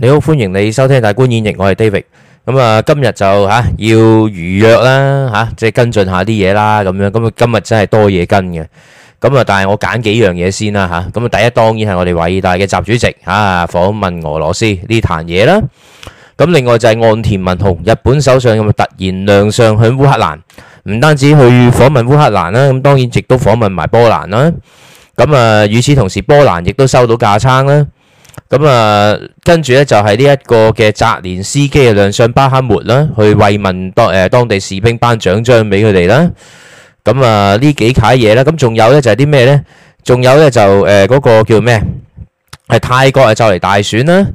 你好，歡迎你收聽大觀演繹，我係 David。咁啊，今日就吓要預約啦，吓即係跟進下啲嘢啦，咁樣咁啊，今日真係多嘢跟嘅。咁啊，但係我揀幾樣嘢先啦吓。咁啊，第一當然係我哋偉大嘅習主席吓訪問俄羅斯呢壇嘢啦。咁另外就係岸田文雄日本首相咁啊，突然亮相喺烏克蘭，唔單止去訪問烏克蘭啦，咁當然亦都訪問埋波蘭啦。咁啊，與此同時波蘭亦都收到架撐啦。咁啊，跟住咧就係呢一個嘅澤連斯基啊，亮相巴克末啦，去慰問當誒當地士兵，頒獎章俾佢哋啦。咁啊，呢幾卡嘢啦，咁仲有咧就係啲咩咧？仲有咧就誒嗰個叫咩？係泰國啊就嚟大選啦。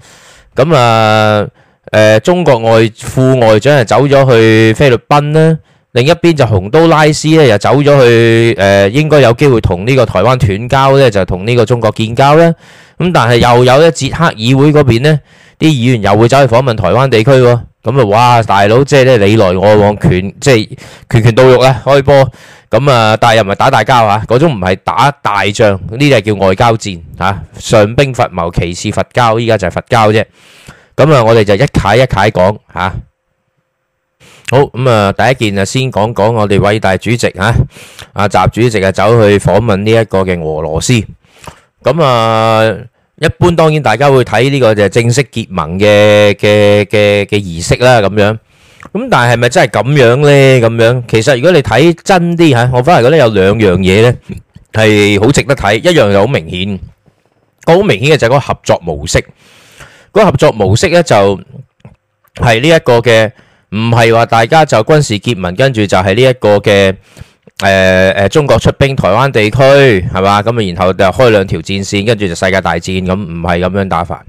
咁啊誒中國外副外長啊走咗去菲律賓啦。另一邊就洪都拉斯咧又走咗去，誒應該有機會同呢個台灣斷交咧，就同呢個中國建交啦。咁但係又有咧捷克議會嗰邊咧，啲議員又會走去訪問台灣地區喎。咁啊，哇大佬，即係咧你來我往，拳即係拳拳到肉啊，開波。咁啊，但係又唔係打大交嚇，嗰種唔係打大仗，呢啲係叫外交戰嚇。上兵伐謀，其次伐交，依家就係伐交啫。咁啊，我哋就一解一解講嚇。好，第一件先講講我哋偉大主席，習主席走去訪問呢一個嘅俄羅斯。一般當然大家會睇呢個就係正式結盟嘅儀式啦，咁樣。但係係咪真係咁樣呢？咁樣。其實如果你睇真啲，我反而覺得有兩樣嘢呢，係好值得睇，一樣好明顯。個好明顯嘅就係個合作模式。合作模式呢，就，係呢一個嘅，唔係話大家就軍事結盟，跟住就係呢一個嘅誒誒中國出兵台灣地區係嘛？咁啊，然後就開兩條戰線，跟住就世界大戰咁，唔係咁樣打法，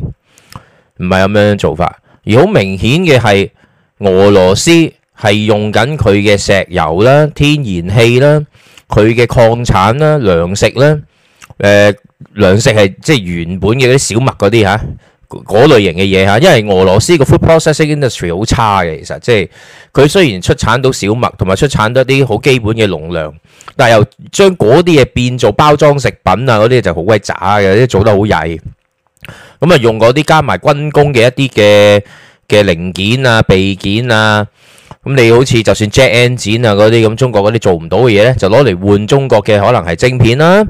唔係咁樣做法。而好明顯嘅係俄羅斯係用緊佢嘅石油啦、天然氣啦、佢嘅礦產啦、糧食啦。誒、呃，糧食係即係原本嘅啲小麥嗰啲嚇。嗰類型嘅嘢嚇，因為俄羅斯個 food processing industry 好差嘅，其實即係佢雖然出產到小麥同埋出產多啲好基本嘅農糧，但係又將嗰啲嘢變做包裝食品啊，嗰啲就好鬼渣嘅，啲做得好曳。咁啊，用嗰啲加埋軍工嘅一啲嘅嘅零件啊備件啊，咁你好似就算 jet engine 啊嗰啲咁中國嗰啲做唔到嘅嘢咧，就攞嚟換中國嘅可能係晶片啦、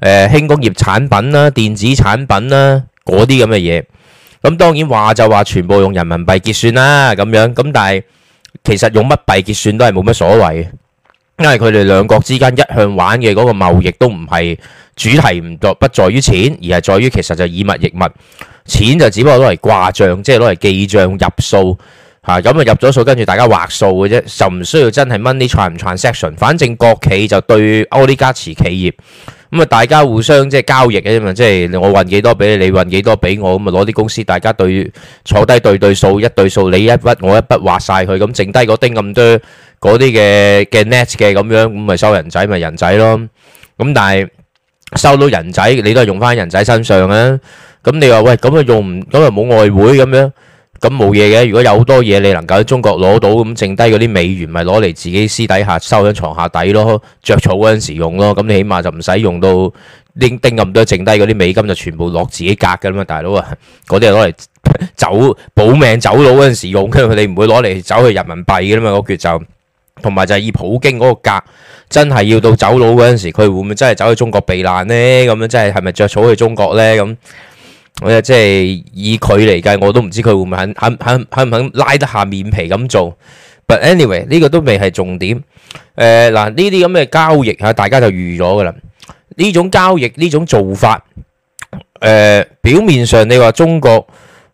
誒輕工業產品啦、電子產品啦嗰啲咁嘅嘢。咁當然話就話全部用人民幣結算啦，咁樣咁，但係其實用乜幣結算都係冇乜所謂，因為佢哋兩國之間一向玩嘅嗰個貿易都唔係主題，唔在不在於錢，而係在於其實就以物易物，錢就只不過攞嚟掛帳，即係攞嚟記帳入數嚇，咁、啊、咪入咗數，跟住大家劃數嘅啫，就唔需要真係 money transaction，反正國企就對 oligarch 企業。咁啊，大家互相即係交易嘅啫嘛，即係我運幾多俾你，你運幾多俾我，咁啊攞啲公司，大家對坐低對對數，一對數，你一筆我一筆劃晒佢，咁剩低個丁咁多嗰啲嘅嘅 net 嘅咁樣，咁咪收人仔咪人仔咯。咁但係收到人仔，你都係用翻人仔身上啊。咁你話喂，咁啊用唔，咁啊冇外匯咁樣。咁冇嘢嘅，如果有好多嘢你能夠喺中國攞到，咁剩低嗰啲美元咪攞嚟自己私底下收喺床下底咯，着草嗰陣時用咯。咁你起碼就唔使用，用到拎拎咁多，剩低嗰啲美金就全部落自己格嘅啦嘛，大佬啊，嗰啲係攞嚟走保命走佬嗰陣時用，因為佢哋唔會攞嚟走去人民幣嘅嘛嗰橛，那個、就，同埋就係以普京嗰個格，真係要到走佬嗰陣時，佢會唔會真係走去中國避難呢？咁樣真係係咪着草去中國咧？咁？我即係以佢嚟計，我都唔知佢會唔肯肯肯肯唔肯拉得下面皮咁做。But anyway，呢個都未係重點。誒、呃、嗱，呢啲咁嘅交易吓，大家就預咗噶啦。呢種交易，呢種做法，誒、呃，表面上你話中國，誒、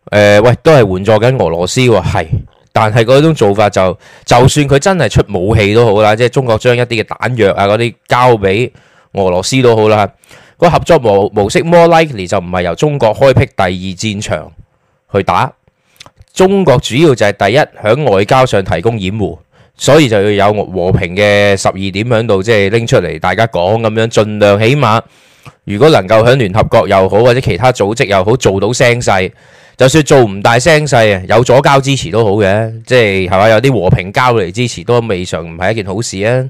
呃、喂，都係援助緊俄羅斯喎，係。但係嗰種做法就，就算佢真係出武器都好啦，即係中國將一啲嘅彈藥啊嗰啲交俾俄羅斯都好啦。個合作模模式 more likely，就唔係由中國開闢第二戰場去打，中國主要就係第一響外交上提供掩護，所以就要有和平嘅十二點響度即係拎出嚟大家講咁樣，儘量起碼如果能夠響聯合國又好或者其他組織又好做到聲勢，就算做唔大聲勢啊，有咗交支持都好嘅，即係係嘛，有啲和平交嚟支持都未嘗唔係一件好事啊，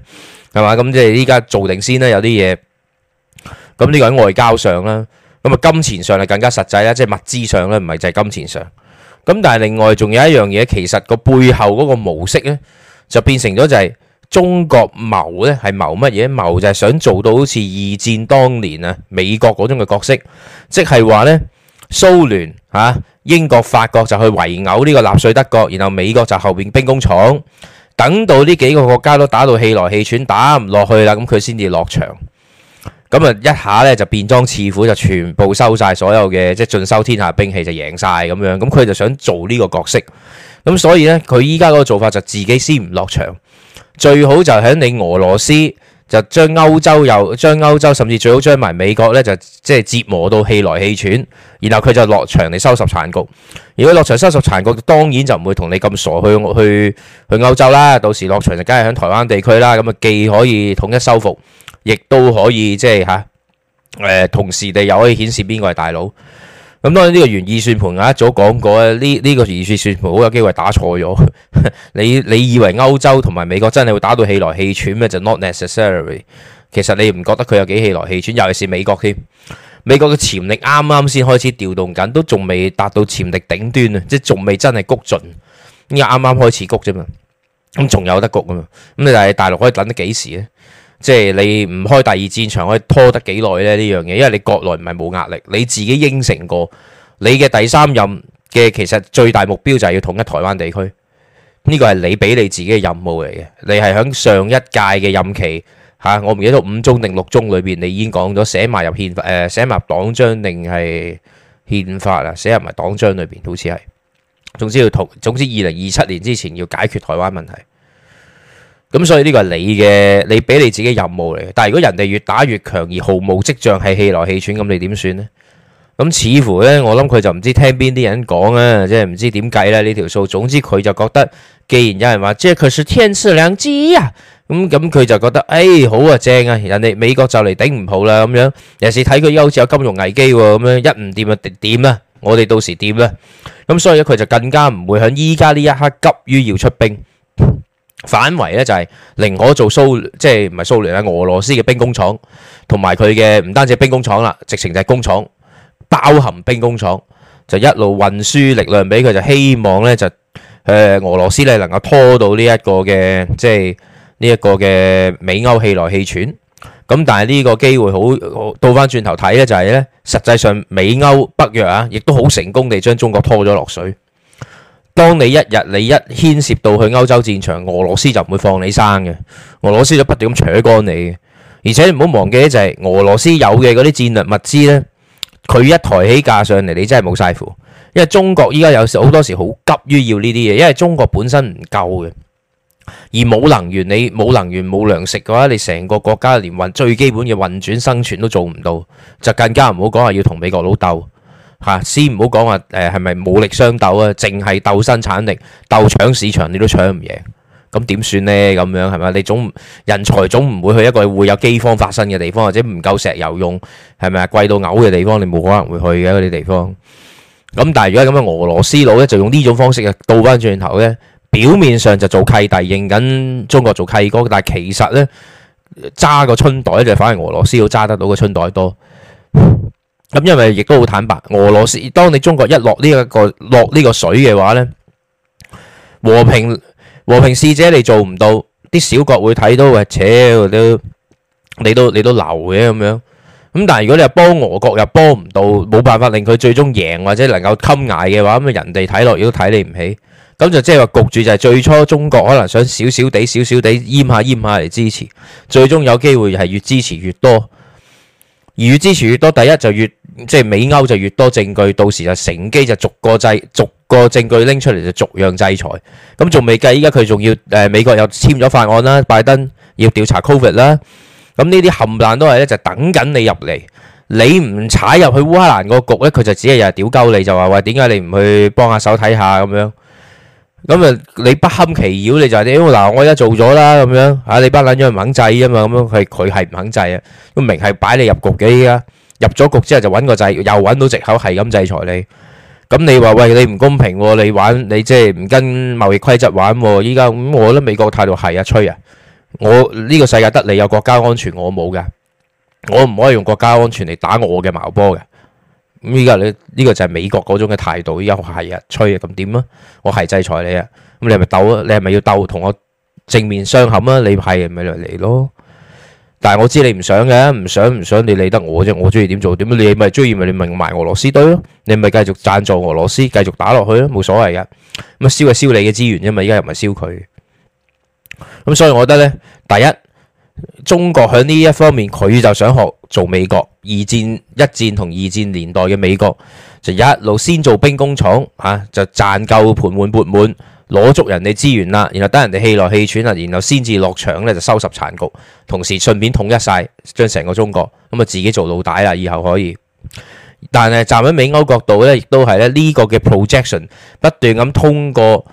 係嘛，咁即係依家做定先啦，有啲嘢。咁呢個喺外交上啦，咁啊金錢上就更加實際啦，即係物資上咧，唔係就係金錢上。咁但係另外仲有一樣嘢，其實個背後嗰個模式咧，就變成咗就係中國謀咧係謀乜嘢？謀就係想做到好似二戰當年啊美國嗰種嘅角色，即係話咧蘇聯吓、英國、法國就去圍毆呢個納粹德國，然後美國就後邊兵工廠，等到呢幾個國家都打到氣來氣喘，打唔落去啦，咁佢先至落場。咁啊，一下咧就卞莊刺虎，就全部收晒所有嘅，即係盡收天下兵器就贏晒。咁樣。咁佢就想做呢個角色，咁所以呢，佢依家個做法就自己先唔落場，最好就喺你俄羅斯就將歐洲又將歐洲，甚至最好將埋美國呢，就即係折磨到氣來氣喘，然後佢就落場嚟收拾殘局。如果落場收拾殘局，當然就唔會同你咁傻去去去歐洲啦。到時落場就梗係喺台灣地區啦。咁啊，既可以統一收復，亦都可以即係吓，誒、呃，同時你又可以顯示邊個係大佬。咁當然呢個原意算盤啊，一早講過，呢呢、呢個原意算盤好有機會打錯咗。 你你以為歐洲同埋美國真係會打到氣來氣喘咩？就 not necessary。其實你唔覺得佢有幾氣來氣喘？尤其是美國添，美國嘅潛力啱啱先開始調動緊，都仲未達到潛力頂端啊！即係仲未真係谷盡，依家啱啱開始谷啫嘛。咁仲有得谷啊嘛。咁你但係大陸可以等得幾時咧？即係你唔開第二戰場，可以拖得幾耐呢？呢樣嘢，因為你國內唔係冇壓力，你自己應承過你嘅第三任嘅，其實最大目標就係要統一台灣地區。呢個係你俾你自己嘅任務嚟嘅，你係響上一屆嘅任期吓，啊，我唔記得到五中定六中裏邊，你已經講咗寫埋入憲法誒，寫埋黨章定係憲法啊，寫入埋黨章裏邊，好似係。總之要統，總之二零二七年之前要解決台灣問題。咁所以呢個係你嘅，你俾你自己任務嚟嘅。但係如果人哋越打越強而毫無跡象，係氣來氣喘，咁你點算咧？咁似乎呢，我諗佢就唔知聽邊啲人講啊，即係唔知點計啦呢條數。總之佢就覺得，既然有人話，這可是天賜良機啊，咁咁佢就覺得，誒、哎、好啊正啊，人哋美國就嚟頂唔好啦咁樣。有時睇佢又好似有金融危機喎，咁樣一唔掂啊點啊？我哋到時掂咧、啊？咁所以佢就更加唔會響依家呢一刻急於要出兵。反為咧就係寧可做蘇，即係唔係蘇聯啊？俄羅斯嘅兵工廠同埋佢嘅唔單止兵工廠啦，直情就係工廠包含兵工廠，就一路運輸力量俾佢，就希望咧就誒、呃、俄羅斯咧能夠拖到呢一個嘅即係呢一個嘅美歐氣來氣喘。咁但係呢個機會好倒翻轉頭睇咧、就是，就係咧實際上美歐北約啊，亦都好成功地將中國拖咗落水。當你一日你一牽涉到去歐洲戰場，俄羅斯就唔會放你生嘅，俄羅斯就不斷咁扯乾你。而且唔好忘記就係、是、俄羅斯有嘅嗰啲戰略物資呢，佢一抬起價上嚟，你真係冇晒符。因為中國依家有時好多時好急於要呢啲嘢，因為中國本身唔夠嘅，而冇能源，你冇能源冇糧食嘅話，你成個國家連運最基本嘅運轉生存都做唔到，就更加唔好講話要同美國佬鬥。吓，先唔好講話，誒係咪武力相鬥啊？淨係鬥生產力、鬥搶市場，你都搶唔贏，咁點算呢？咁樣係咪？你總人才總唔會去一個會有饑荒發生嘅地方，或者唔夠石油用，係咪啊？貴到嘔嘅地方，你冇可能會去嘅嗰啲地方。咁但係如果咁樣俄羅斯佬咧，就用呢種方式啊，倒翻轉頭咧，表面上就做契弟認緊中國做契哥，但係其實咧揸個春袋咧，就反而俄羅斯要揸得到個春袋多。咁因為亦都好坦白，俄羅斯當你中國一落呢一個落呢個水嘅話咧，和平和平使者你做唔到，啲小國會睇到喂，扯都你都你都流嘅咁樣。咁但係如果你又幫俄國又幫唔到，冇辦法令佢最終贏或者能夠襟捱嘅話，咁人哋睇落亦都睇你唔起。咁就即係話焗住，就係最初中國可能想少少地少少地淹下淹下嚟支持，最終有機會係越支持越多。而越支持越多，第一就越即係美歐就越多證據，到時就乘機就逐個制，逐個證據拎出嚟就逐樣制裁。咁仲未計，依家佢仲要誒、呃、美國又簽咗法案啦，拜登要調查 COVID 啦。咁呢啲冚唪唥都係咧，就是、等緊你入嚟，你唔踩入去烏克蘭個局咧，佢就只係日日屌鳩你就，就話喂點解你唔去幫下手睇下咁樣。咁啊！你不堪其擾，你就係，因為嗱，我而家做咗啦，咁樣吓，你班捻樣唔肯制啊嘛，咁樣係佢係唔肯制啊，明係擺你入局嘅，依家，入咗局之後就搵個制，又搵到借口係咁制裁你。咁你話喂，你唔公平喎，你玩你即係唔跟貿易規則玩喎，依家咁，我覺得美國態度係啊，吹啊，我呢個世界得你有國家安全，我冇嘅，我唔可以用國家安全嚟打我嘅矛波嘅。咁依家你呢、這個就係美國嗰種嘅態度，依家我係啊，吹啊，咁點啊？我係制裁你啊！咁你係咪鬥啊？你係咪要鬥同我正面相合啊？你係咪嚟嚟咯？但係我知你唔想嘅，唔想唔想，想你理得我啫？我中意點做點你咪中意咪你咪埋俄羅斯堆咯？你咪繼續讚助俄羅斯，繼續打落去咯，冇所謂噶。咁啊，燒係燒你嘅資源啫嘛！依家又唔係燒佢。咁所以我覺得咧，第一。中國喺呢一方面，佢就想學做美國。二戰、一戰同二戰年代嘅美國就一路先做兵工廠，吓、啊、就賺夠盤滿缽滿，攞足人哋資源啦，然後等人哋氣來氣喘啦，然後先至落場咧就收拾殘局，同時順便統一晒將成個中國，咁啊自己做老大啦，以後可以。但係站喺美歐角度咧，亦都係咧呢個嘅 projection 不斷咁通過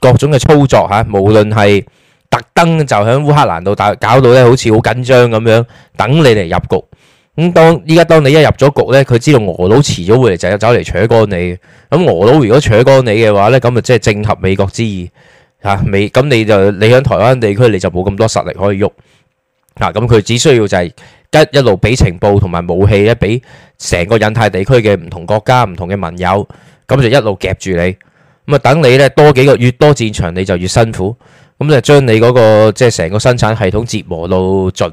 各種嘅操作吓、啊，無論係。特登就喺烏克蘭度打，搞到咧好似好緊張咁樣，等你嚟入局。咁、嗯、當依家當你一入咗局咧，佢知道俄佬遲咗會嚟就走嚟扯乾你。咁、嗯、俄佬如果扯乾你嘅話咧，咁啊即係正合美國之意吓、啊、美。咁你就你喺台灣地區你就冇咁多實力可以喐嗱。咁、啊、佢只需要就係一一路俾情報同埋武器咧，俾成個印太地區嘅唔同國家唔同嘅盟友，咁就一路夾住你咁啊、嗯。等你咧多幾個越多戰場，你就越辛苦。咁就將你嗰個即係成個生產系統折磨到盡，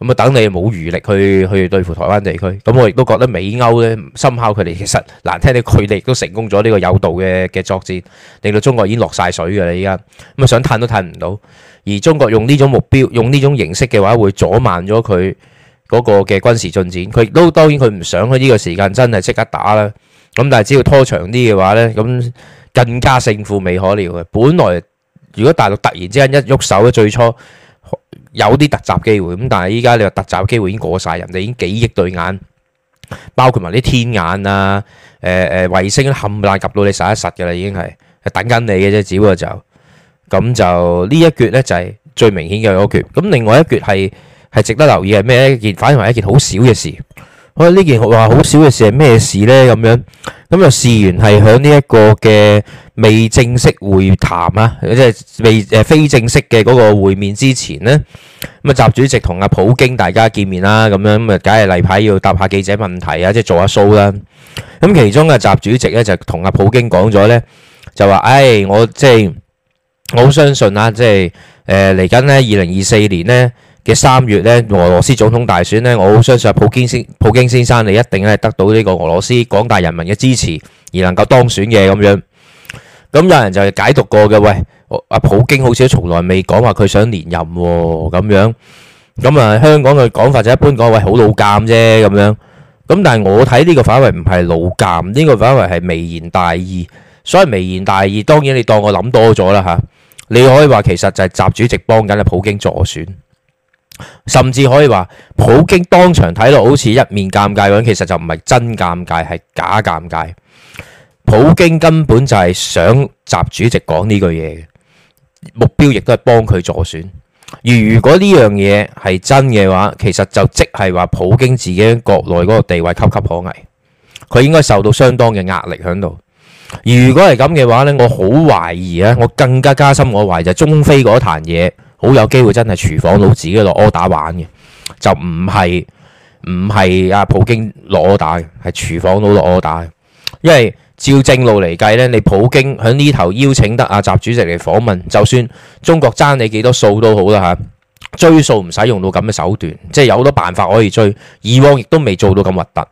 咁啊等你冇餘力去去對付台灣地區。咁我亦都覺得美歐咧，深考佢哋，其實難聽啲，佢哋都成功咗呢個有道嘅嘅作戰，令到中國已經落晒水噶啦，依家咁啊想褪都褪唔到。而中國用呢種目標，用呢種形式嘅話，會阻慢咗佢嗰個嘅軍事進展。佢亦都當然佢唔想喺呢個時間真係即刻打啦。咁但係只要拖長啲嘅話咧，咁更加勝負未可料嘅。本來。如果大陸突然之間一喐手咧，最初有啲突襲機會咁，但係依家你話突襲機會已經過晒，人哋已經幾億對眼，包括埋啲天眼啊，誒、呃、誒、呃、衛星冚唪唥及到你實一實嘅啦，已經係等緊你嘅啫，只不過就咁就一呢一撅咧就係、是、最明顯嘅嗰撅，咁另外一撅係係值得留意係咩？一件反而係一件好少嘅事。我呢件話好少嘅事係咩事咧？咁樣咁啊，事緣係響呢一個嘅未正式會談啊，即係未誒非正式嘅嗰個會面之前咧，咁啊，習主席同阿普京大家見面啦，咁樣咁啊，梗係例牌要答下記者問題啊，即係做下 show 啦。咁其中嘅習主席咧就同阿普京講咗咧，就話：，唉、哎，我即係、就是、我好相信啦，即係誒嚟緊咧，二零二四年咧，嘅三月咧，俄羅斯總統大選咧，我好相信普京先普京先生，你一定咧得到呢個俄羅斯廣大人民嘅支持，而能夠當選嘅咁樣。咁有人就係解讀過嘅，喂，阿普京好似都從來未講話佢想連任咁樣。咁啊，香港嘅講法就一般講，喂，好老尷啫咁樣。咁但係我睇呢個反為唔係老尷，呢個反為係微言大義。所謂微言大義，當然你當我諗多咗啦嚇。你可以話其實就係習主席幫緊阿普京助選。甚至可以話，普京當場睇到好似一面尷尬咁，其實就唔係真尷尬，係假尷尬。普京根本就係想習主席講呢句嘢目標，亦都係幫佢助選。而如果呢樣嘢係真嘅話，其實就即係話普京自己國內嗰個地位岌岌可危，佢應該受到相當嘅壓力喺度。如果係咁嘅話呢，我好懷疑啊！我更加加深我懷疑就中非嗰壇嘢。好有機會真係廚房佬自己落柯打玩嘅，就唔係唔係啊！普京落柯打嘅，係廚房佬落柯打嘅。因為照正路嚟計呢，你普京喺呢頭邀請得阿習主席嚟訪問，就算中國爭你幾多數都好啦嚇，追數唔使用，用到咁嘅手段，即係有好多辦法可以追。以往亦都未做到咁核突，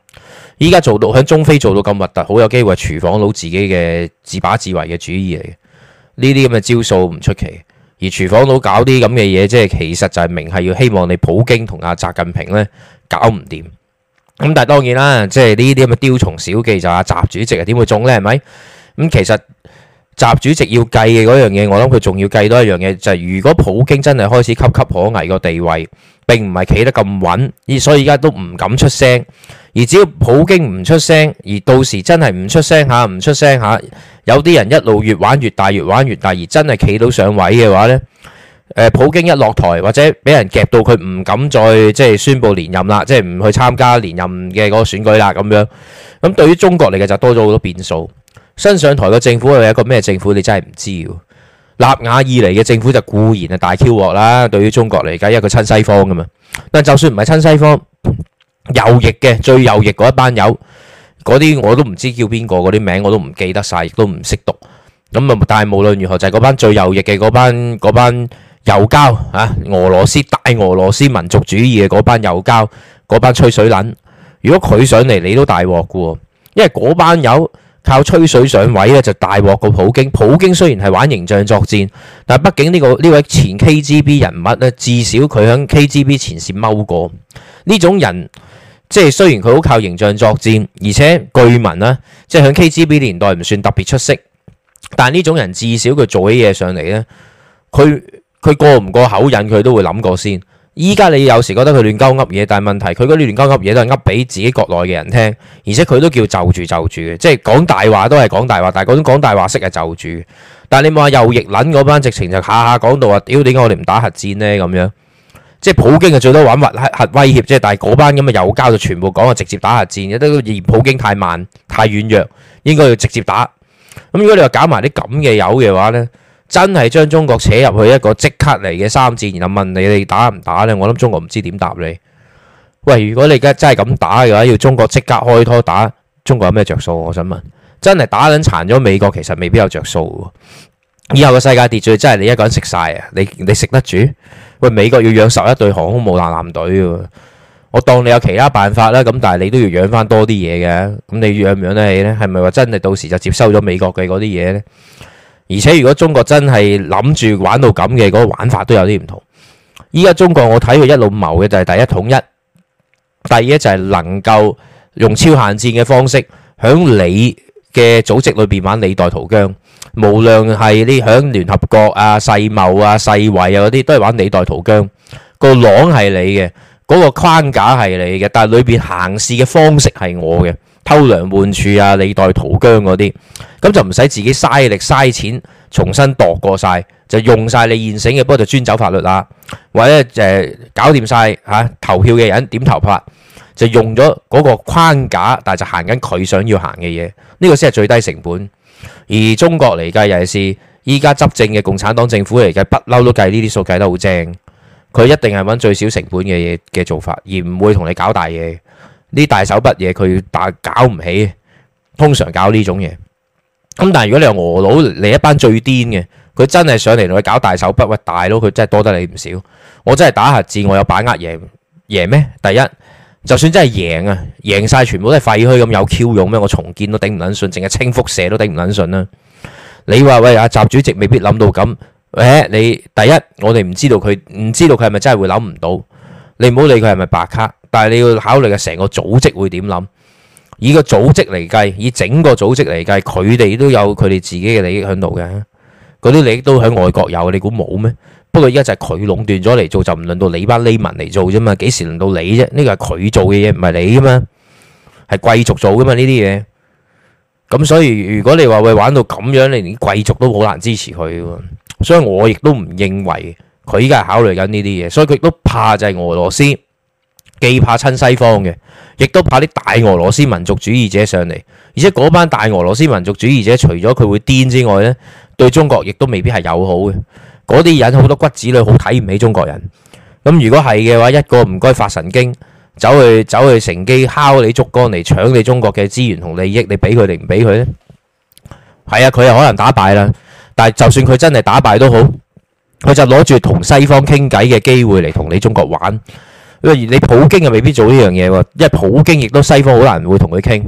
依家做到喺中非做到咁核突，好有機會係廚房佬自己嘅自把自為嘅主意嚟嘅。呢啲咁嘅招數唔出奇。而廚房佬搞啲咁嘅嘢，即係其實就係明係要希望你普京同阿習近平咧搞唔掂。咁但係當然啦，即係呢啲咁嘅雕蟲小技，就阿習主席啊，點會中咧？係咪？咁其實習主席要計嘅嗰樣嘢，我諗佢仲要計多一樣嘢，就係如果普京真係開始岌岌可危個地位，並唔係企得咁穩，所以而家都唔敢出聲。而只要普京唔出聲，而到時真係唔出聲吓，唔出聲吓，有啲人一路越玩越大，越玩越大。而真係企到上位嘅話咧，誒，普京一落台或者俾人夾到佢唔敢再即係宣布連任啦，即係唔去參加連任嘅嗰個選舉啦，咁樣。咁對於中國嚟嘅就多咗好多變數，新上台嘅政府係一個咩政府，你真係唔知。立亞以嚟嘅政府就固然係大 Q 鑊啦，對於中國嚟講，因為佢親西方㗎嘛。但係就算唔係親西方右翼嘅最右翼嗰一班友，嗰啲我都唔知叫邊個，嗰啲名我都唔記得晒，亦都唔識讀。咁啊，但係無論如何，就係嗰班最右翼嘅嗰班嗰班右膠啊，俄羅斯大俄羅斯民族主義嘅嗰班右膠，嗰班吹水撚，如果佢上嚟，你都大鑊㗎喎，因為嗰班友。靠吹水上位咧，就大鑊過普京。普京雖然係玩形象作戰，但係畢竟呢個呢位前 KGB 人物咧，至少佢響 KGB 前線踎過。呢種人即係雖然佢好靠形象作戰，而且據聞呢，即係響 KGB 年代唔算特別出色，但係呢種人至少佢做起嘢上嚟呢，佢佢過唔過口癮，佢都會諗過先。依家你有時覺得佢亂鳩噏嘢，但係問題佢嗰啲亂鳩噏嘢都係噏俾自己國內嘅人聽，而且佢都叫就住就住嘅，即係講大話都係講大話，但係嗰種講大話式係就住。但係你望下右翼撚嗰班直情就下下講到話，屌點解我哋唔打核戰呢？咁樣即係普京係最多玩核核威脅，即係，但係嗰班咁嘅右膠就全部講話，直接打核戰，覺得普京太慢太軟弱，應該要直接打。咁如果你話搞埋啲咁嘅友嘅話呢？真係將中國扯入去一個即刻嚟嘅三戰，然後問你哋打唔打呢？我諗中國唔知點答你。喂，如果你而家真係咁打嘅話，要中國即刻開拖，打中國有咩着數？我想問，真係打緊殘咗美國，其實未必有着數。以後嘅世界秩序真係你一個人食晒啊！你你食得住？喂，美國要養十一隊航空母艦艦隊嘅，我當你有其他辦法啦。咁但係你都要養翻多啲嘢嘅。咁你養唔養得起呢？係咪話真係到時就接收咗美國嘅嗰啲嘢呢？而且如果中國真係諗住玩到咁嘅嗰個玩法都有啲唔同。依家中國我睇佢一路謀嘅就係第一統一，第二呢就係能夠用超限戰嘅方式，響你嘅組織裏邊玩李代桃僵。無論係你響聯合國啊、世貿啊、世衛啊嗰啲都係玩李代桃僵。個籠係你嘅，嗰個框架係你嘅，但係裏邊行事嘅方式係我嘅。偷梁換柱啊，李代桃僵嗰啲，咁就唔使自己嘥力嘥錢，重新度過晒，就用晒你現成嘅，不過就專走法律啦，或者、呃、搞掂晒嚇投票嘅人點投法，就用咗嗰個框架，但係就行緊佢想要行嘅嘢，呢、這個先係最低成本。而中國嚟計，尤其是依家執政嘅共產黨政府嚟計，不嬲都計呢啲數計得好正，佢一定係揾最少成本嘅嘢嘅做法，而唔會同你搞大嘢。呢大手筆嘢佢大搞唔起，通常搞呢種嘢。咁但係如果你係俄佬，你一班最癲嘅，佢真係上嚟同佢搞大手筆，喂大佬，佢真係多得你唔少。我真係打下字，我有把握贏，贏咩？第一，就算真係贏啊，贏晒全部都係廢墟咁，有 Q 用咩？我重建都頂唔撚順，淨係清輻射都頂唔撚順啦。你話喂阿習主席未必諗到咁，喂，你第一，我哋唔知道佢唔知道佢係咪真係會諗唔到。你唔好理佢係咪白卡。但係你要考慮嘅成個組織會點諗？以個組織嚟計，以整個組織嚟計，佢哋都有佢哋自己嘅利益喺度嘅。嗰啲利益都喺外國有，你估冇咩？不過依家就係佢壟斷咗嚟做，就唔輪到你班 layman 嚟做啫嘛。幾時輪到你啫？呢個係佢做嘅嘢，唔係你噶嘛，係貴族做噶嘛呢啲嘢。咁所以如果你話會玩到咁樣，你連貴族都好難支持佢。所以我亦都唔認為佢依家係考慮緊呢啲嘢，所以佢都怕就係俄羅斯。既怕親西方嘅，亦都怕啲大俄羅斯民族主義者上嚟，而且嗰班大俄羅斯民族主義者除咗佢會癲之外呢，對中國亦都未必係友好嘅。嗰啲人好多骨子裏好睇唔起中國人。咁如果係嘅話，一個唔該發神經，走去走去乘機敲你竹竿嚟搶你中國嘅資源同利益，你俾佢定唔俾佢咧？係啊，佢又可能打敗啦。但係就算佢真係打敗都好，佢就攞住同西方傾偈嘅機會嚟同你中國玩。你普京又未必做呢樣嘢喎，因為普京亦都西方好難會同佢傾，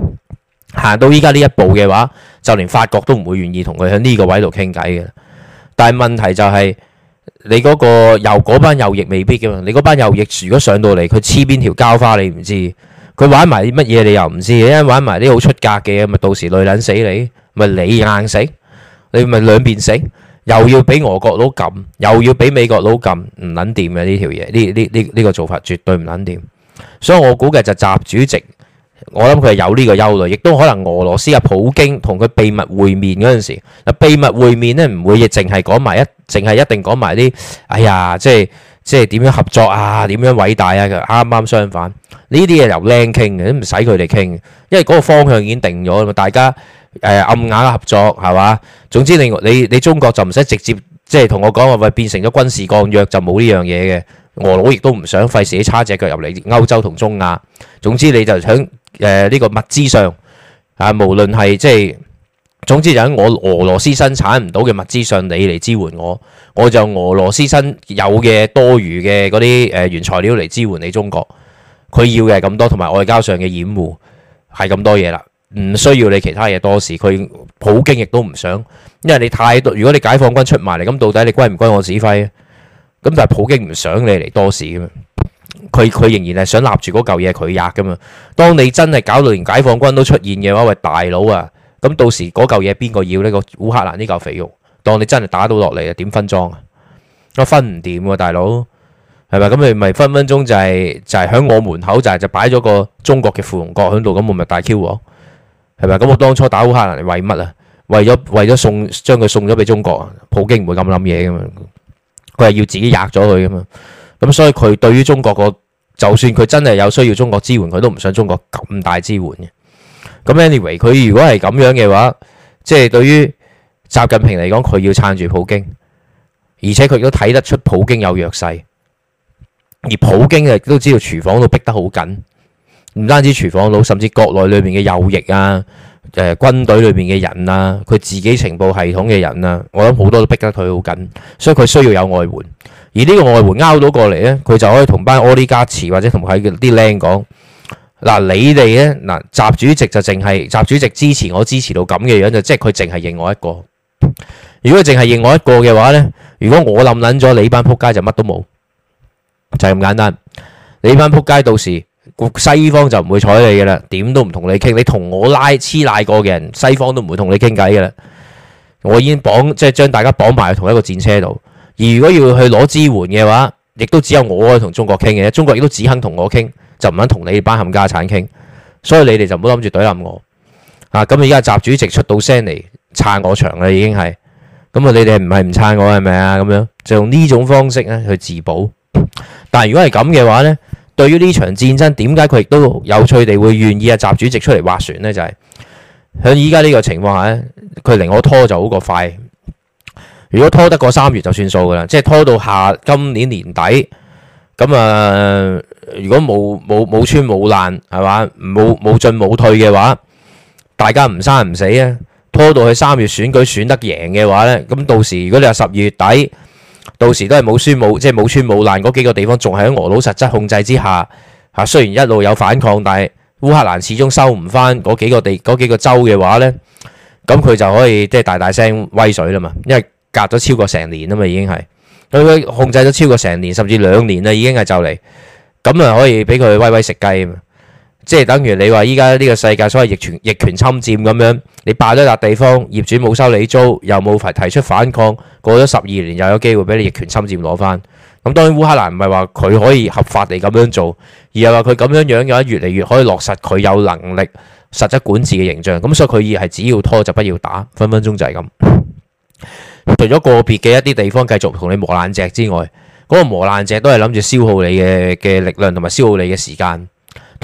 行到依家呢一步嘅話，就連法國都唔會願意同佢喺呢個位度傾偈嘅。但係問題就係，你嗰個右嗰班右翼未必嘅嘛，你嗰班右翼如果上到嚟，佢黐邊條膠花你唔知，佢玩埋啲乜嘢你又唔知，玩一玩埋啲好出格嘅，咪到時累撚死你，咪你硬死，你咪兩邊死。又要俾俄國佬撳，又要俾美國佬撳，唔撚掂嘅呢條嘢，呢呢呢呢個做法絕對唔撚掂。所以我估計就習主席，我諗佢係有呢個憂慮，亦都可能俄羅斯啊普京同佢秘密會面嗰陣時，啊秘密會面咧唔會亦淨係講埋一，淨係一定講埋啲哎呀，即係即係點樣合作啊，點樣偉大啊，佢啱啱相反，呢啲嘢由僆傾嘅，都唔使佢哋傾，因為嗰個方向已經定咗喇嘛，大家。誒、呃、暗雅合作係嘛？總之你你你中國就唔使直接即係同我講話，咪、呃、變成咗軍事降約就冇呢樣嘢嘅。俄羅亦都唔想費事自己插隻腳入嚟歐洲同中亞。總之你就喺誒呢個物資上啊，無論係即係總之就喺我俄羅斯生產唔到嘅物資上，你嚟支援我，我就俄羅斯新有嘅多餘嘅嗰啲誒原材料嚟支援你中國。佢要嘅係咁多，同埋外交上嘅掩護係咁、就是、多嘢啦。唔需要你其他嘢，多事，佢普京亦都唔想，因為你太多。如果你解放軍出埋嚟，咁到底你歸唔歸我指揮？咁但係普京唔想你嚟多事噶嘛？佢佢仍然係想立住嗰嚿嘢，佢壓噶嘛？當你真係搞到連解放軍都出現嘅話，喂大佬啊，咁到時嗰嚿嘢邊個要呢、個烏克蘭呢嚿肥肉？當你真係打到落嚟啊，點分贓啊？分唔掂啊大佬係咪？咁你咪分分鐘就係、是、就係、是、響我門口就係、是、就擺、是、咗、就是、個中國嘅附庸國喺度，咁我咪大 Q 我。係咪？咁我當初打烏克蘭為乜啊？為咗為咗送將佢送咗俾中國，普京唔會咁諗嘢噶嘛？佢係要自己壓咗佢噶嘛？咁所以佢對於中國個，就算佢真係有需要中國支援，佢都唔想中國咁大支援嘅。咁 anyway，佢如果係咁樣嘅話，即係對於習近平嚟講，佢要撐住普京，而且佢都睇得出普京有弱勢，而普京亦都知道廚房度逼得好緊。唔單止廚房佬，甚至國內裏面嘅右翼啊，誒軍隊裏面嘅人啊，佢自己情報系統嘅人啊，我諗好多都逼得佢好緊，所以佢需要有外援。而呢個外援勾到過嚟呢，佢就可以同班奧利加茨或者同佢啲靚講：嗱，你哋呢，嗱，習主席就淨係習主席支持我，支持到咁嘅樣，就即係佢淨係認我一個。如果淨係認我一個嘅話呢，如果我冧撚咗，你班撲街就乜都冇，就係咁簡單。你班撲街到時。西方就唔會睬你嘅啦，點都唔同你傾，你同我拉黐賴過嘅人，西方都唔會同你傾偈嘅啦。我已經綁即係將大家綁埋同一個戰車度，而如果要去攞支援嘅話，亦都只有我同中國傾嘅，中國亦都只肯同我傾，就唔肯同你班冚家產傾。所以你哋就唔好諗住懟冧我啊！咁啊，依家習主席出到聲嚟，撐我場啦，已經係咁啊，啊！你哋唔係唔撐我係咪啊？咁樣就用呢種方式咧去自保。但係如果係咁嘅話咧？對於呢場戰爭，點解佢亦都有趣地會願意啊習主席出嚟划船呢，就係喺依家呢個情況下，佢寧可拖就好過快。如果拖得過三月就算數噶啦，即係拖到下今年年底，咁啊，如果冇冇冇穿冇爛係嘛，冇冇進冇退嘅話，大家唔生唔死啊！拖到去三月選舉選得贏嘅話呢，咁到時如果你話十二月底。到時都係冇穿冇，即係冇穿冇爛嗰幾個地方，仲係喺俄魯實質控制之下，吓雖然一路有反抗，但係烏克蘭始終收唔翻嗰幾個地嗰幾個州嘅話呢，咁佢就可以即係大大聲威水啦嘛，因為隔咗超過成年啊嘛，已經係佢佢控制咗超過成年，甚至兩年啦，已經係就嚟咁啊，可以俾佢威威食雞啊！即係等於你話依家呢個世界所謂逆權逆權侵佔咁樣，你霸咗一笪地方，業主冇收你租，又冇提出反抗，過咗十二年又有機會俾你逆權侵佔攞翻。咁當然烏克蘭唔係話佢可以合法地咁樣做，而係話佢咁樣樣有越嚟越可以落實佢有能力實質管治嘅形象。咁所以佢而係只要拖就不要打，分分鐘就係咁。除咗個別嘅一啲地方繼續同你磨爛蓆之外，嗰個磨爛蓆都係諗住消耗你嘅嘅力量同埋消耗你嘅時間。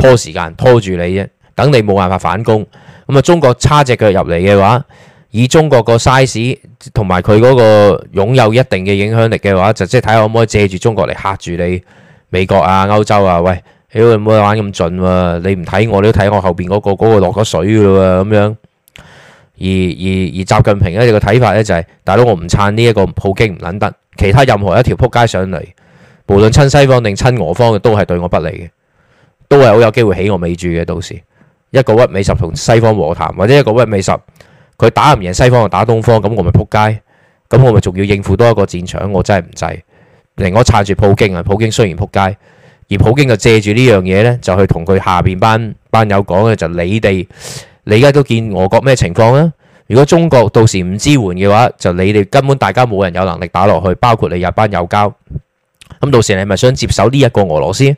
拖時間拖住你啫，等你冇辦法反攻。咁啊，中國叉隻腳入嚟嘅話，以中國個 size 同埋佢嗰個擁有一定嘅影響力嘅話，就即係睇下可唔可以借住中國嚟嚇住你美國啊、歐洲啊。喂，屌你冇玩咁盡喎！你唔睇我，你都睇我後邊嗰個嗰個落咗水噶喎咁樣。而而而習近平呢個睇法呢，就係：大佬我唔撐呢一個普京唔撚得，其他任何一條撲街上嚟，無論親西方定親俄方嘅，都係對我不利嘅。都係好有機會起我美住嘅，到時一個屈美十同西方和談，或者一個屈美十佢打唔贏西方就打東方，咁我咪撲街，咁我咪仲要應付多一個戰場，我真係唔制。另我撐住普京啊，普京雖然撲街，而普京就借住呢樣嘢呢，就去同佢下邊班班友講嘅就你哋，你而家都見俄國咩情況啦？如果中國到時唔支援嘅話，就你哋根本大家冇人有能力打落去，包括你日班友交。咁到時你咪想接手呢一個俄羅斯？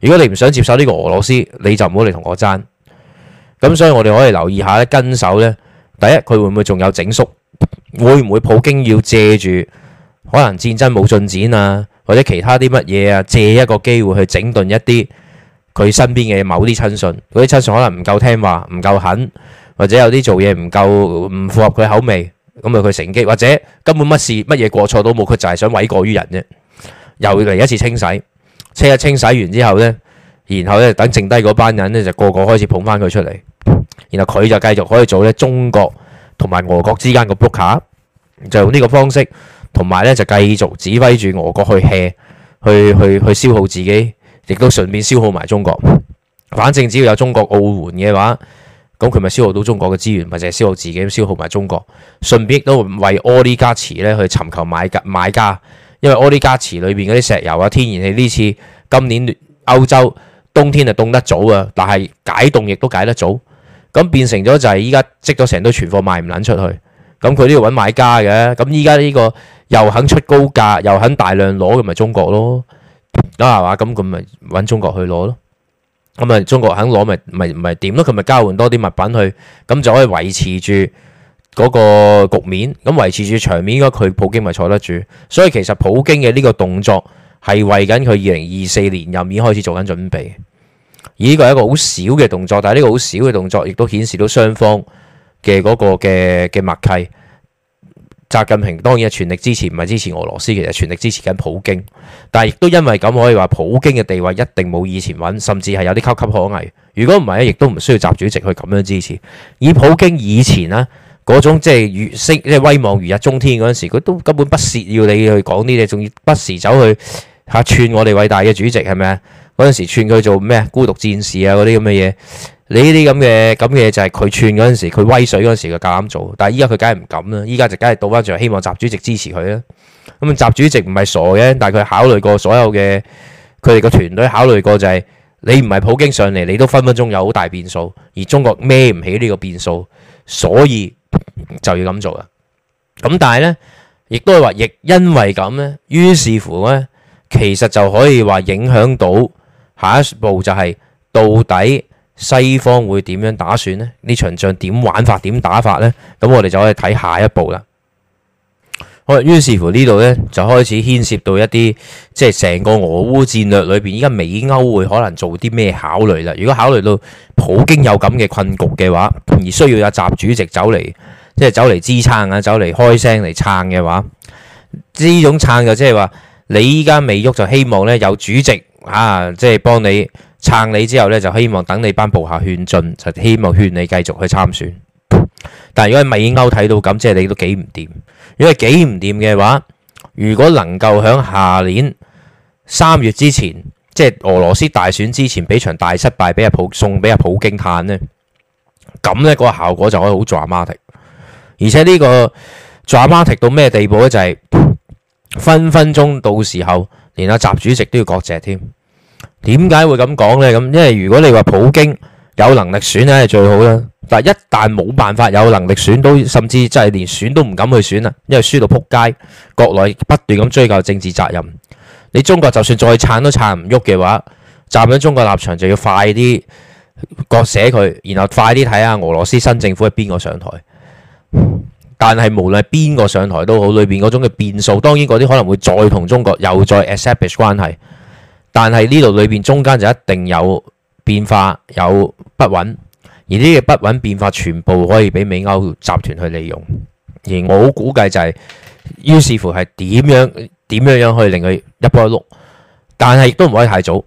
如果你唔想接手呢個俄羅斯，你就唔好嚟同我爭。咁所以我哋可以留意一下咧，跟手呢，第一佢會唔會仲有整肅？會唔會普京要借住可能戰爭冇進展啊，或者其他啲乜嘢啊，借一個機會去整頓一啲佢身邊嘅某啲親信？嗰啲親信可能唔夠聽話，唔夠狠，或者有啲做嘢唔夠、唔符合佢口味，咁啊佢乘機，或者根本乜事乜嘢過錯都冇，佢就係想委過於人啫，又嚟一次清洗。車一清洗完之後呢，然後咧等剩低嗰班人呢，就個個開始捧翻佢出嚟，然後佢就繼續可以做咧中國同埋俄國之間嘅 broker，就用呢個方式，同埋咧就繼續指揮住俄國去 hea 去去去，去消耗自己，亦都順便消耗埋中國。反正只要有中國奧援嘅話，咁佢咪消耗到中國嘅資源，咪就係消耗自己，消耗埋中國，順便都為 oligarch 咧去尋求買家買家。因為奧地利池裏邊嗰啲石油啊、天然氣，呢次今年歐洲冬天就凍得早啊，但係解凍亦都解得早，咁變成咗就係依家積咗成堆存貨賣唔捻出去，咁佢都要搵買家嘅，咁依家呢個又肯出高價，又肯大量攞，咁咪中國咯，啊係嘛，咁佢咪搵中國去攞咯，咁啊中國肯攞咪咪咪點咯，佢咪交換多啲物品去，咁就可以維持住。嗰個局面咁維持住場面，應該佢普京咪坐得住？所以其實普京嘅呢個動作係為緊佢二零二四年任已經開始做緊準備。而呢個係一個好小嘅動作，但係呢個好小嘅動作亦都顯示到雙方嘅嗰個嘅嘅默契。習近平當然係全力支持，唔係支持俄羅斯，其實全力支持緊普京。但係亦都因為咁可以話，普京嘅地位一定冇以前穩，甚至係有啲岌岌可危。如果唔係亦都唔需要習主席去咁樣支持。以普京以前呢。嗰種即係越升即係威望如日中天嗰陣時，佢都根本不屑要你去講啲嘢，仲要不時走去嚇串我哋偉大嘅主席係咪啊？嗰陣時串佢做咩？孤獨戰士啊，嗰啲咁嘅嘢。你呢啲咁嘅咁嘅嘢就係佢串嗰陣時，佢威水嗰陣時佢夠膽做，但係依家佢梗係唔敢啦。依家就梗係倒翻轉，希望習主席支持佢啦。咁啊，習主席唔係傻嘅，但係佢考慮過所有嘅佢哋個團隊考慮過就係、是、你唔係普京上嚟，你都分分鐘有好大變數，而中國孭唔起呢個變數，所以。就要咁做啦！咁但係呢，亦都係話，亦因為咁呢，於是乎呢，其實就可以話影響到下一步就係到底西方會點樣打算呢？呢場仗點玩法點打法呢？咁我哋就可以睇下一步啦。我於是乎呢度呢，就開始牽涉到一啲即係成個俄烏戰略裏邊，依家美歐會可能做啲咩考慮啦？如果考慮到普京有咁嘅困局嘅話，而需要有習主席走嚟即係走嚟支撐啊，走嚟開聲嚟撐嘅話，呢種撐就即係話你依家未喐就希望呢有主席啊，即係幫你撐你之後呢，就希望等你班部下勸進，就希望勸你繼續去參選。但係如果喺美歐睇到咁，即係你都幾唔掂。如果係幾唔掂嘅話，如果能夠喺下年三月之前，即係俄羅斯大選之前，俾場大失敗俾阿普送俾阿普京嘆呢，咁呢、呢個效果就可以好 dramatic。而且呢個 dramatic 到咩地步呢？就係、是、分分鐘到時候，連阿習主席都要割席添。點解會咁講呢？咁因為如果你話普京。有能力選咧係最好啦，但係一旦冇辦法有能力選都，甚至真係連選都唔敢去選啦，因為輸到撲街。國內不斷咁追究政治責任，你中國就算再撐都撐唔喐嘅話，站喺中國立場就要快啲割捨佢，然後快啲睇下俄羅斯新政府係邊個上台。但係無論係邊個上台都好，裏邊嗰種嘅變數，當然嗰啲可能會再同中國又再 e s a b l i s h establish 關係，但係呢度裏邊中間就一定有。變化有不穩，而呢個不穩變化全部可以俾美歐集團去利用，而我估計就係、是、於是乎係點樣點樣樣去令佢一扑一碌，但係亦都唔可以太早，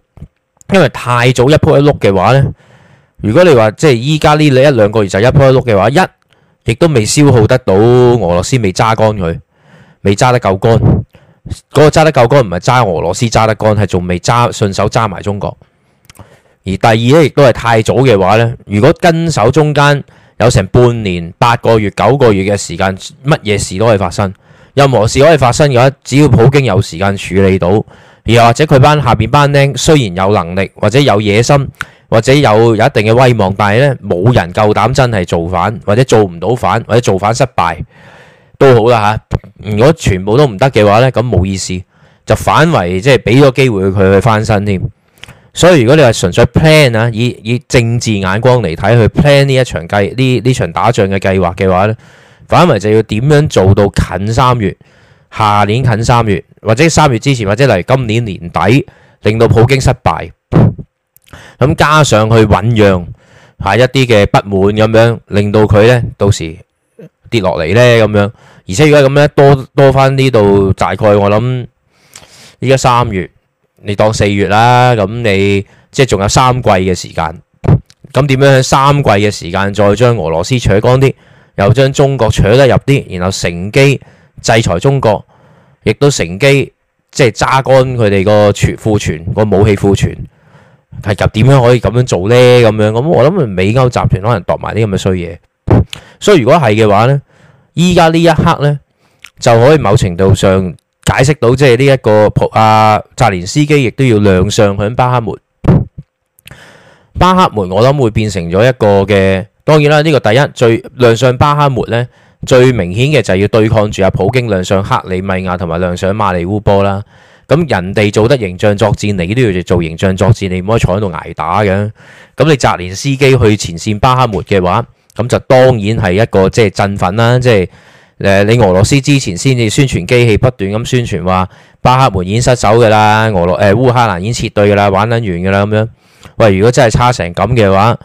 因為太早一扑一碌嘅話呢，如果你話即係依家呢一兩個月就一扑一碌嘅話，一亦都未消耗得到俄羅斯，未揸乾佢，未揸得夠乾，嗰、那個揸得夠乾唔係揸俄羅斯揸得乾，係仲未揸順手揸埋中國。而第二咧，亦都係太早嘅話咧，如果跟手中間有成半年、八個月、九個月嘅時間，乜嘢事都可以發生，任何事可以發生嘅話，只要普京有時間處理到，又或者佢班下邊班僆雖然有能力，或者有野心，或者有有一定嘅威望，但係咧冇人夠膽真係造反，或者造唔到反，或者造反失敗都好啦嚇。如果全部都唔得嘅話咧，咁冇意思，就反為即係俾咗機會佢去翻身添。所以如果你係純粹 plan 啊，以以政治眼光嚟睇，去 plan 呢一場計呢呢場打仗嘅計劃嘅話咧，反為就要點樣做到近三月、下年近三月，或者三月之前，或者嚟今年年底，令到普京失敗。咁加上去醞釀下一啲嘅不滿咁樣，令到佢咧到時跌落嚟咧咁樣。而且如果咁咧，多多翻呢度，大概我諗依家三月。你當四月啦，咁你即係仲有三季嘅時間，咁點樣三季嘅時間再將俄羅斯扯乾啲，又將中國扯得入啲，然後乘機制裁中國，亦都乘機即係揸乾佢哋個儲庫存個武器庫存，係入點樣可以咁樣做呢？咁樣咁我諗美歐集團可能度埋啲咁嘅衰嘢，所以如果係嘅話呢，依家呢一刻呢，就可以某程度上，解釋到即係呢一個普啊，澤連斯基亦都要亮相響巴克梅。巴克梅我諗會變成咗一個嘅，當然啦，呢個第一最亮相巴克梅咧，最明顯嘅就係要對抗住阿普京亮相克里米亞同埋亮相馬利烏波啦。咁人哋做得形象作戰，你都要做形象作戰，你唔可以坐喺度挨打嘅。咁你澤連斯基去前線巴克梅嘅話，咁就當然係一個即係振奮啦，即係。誒，你俄羅斯之前先至宣傳機器不斷咁宣傳話巴克門已經失守㗎啦，俄羅誒、呃、烏克蘭已經撤退㗎啦，玩緊完㗎啦咁樣。喂，如果真係差成咁嘅話，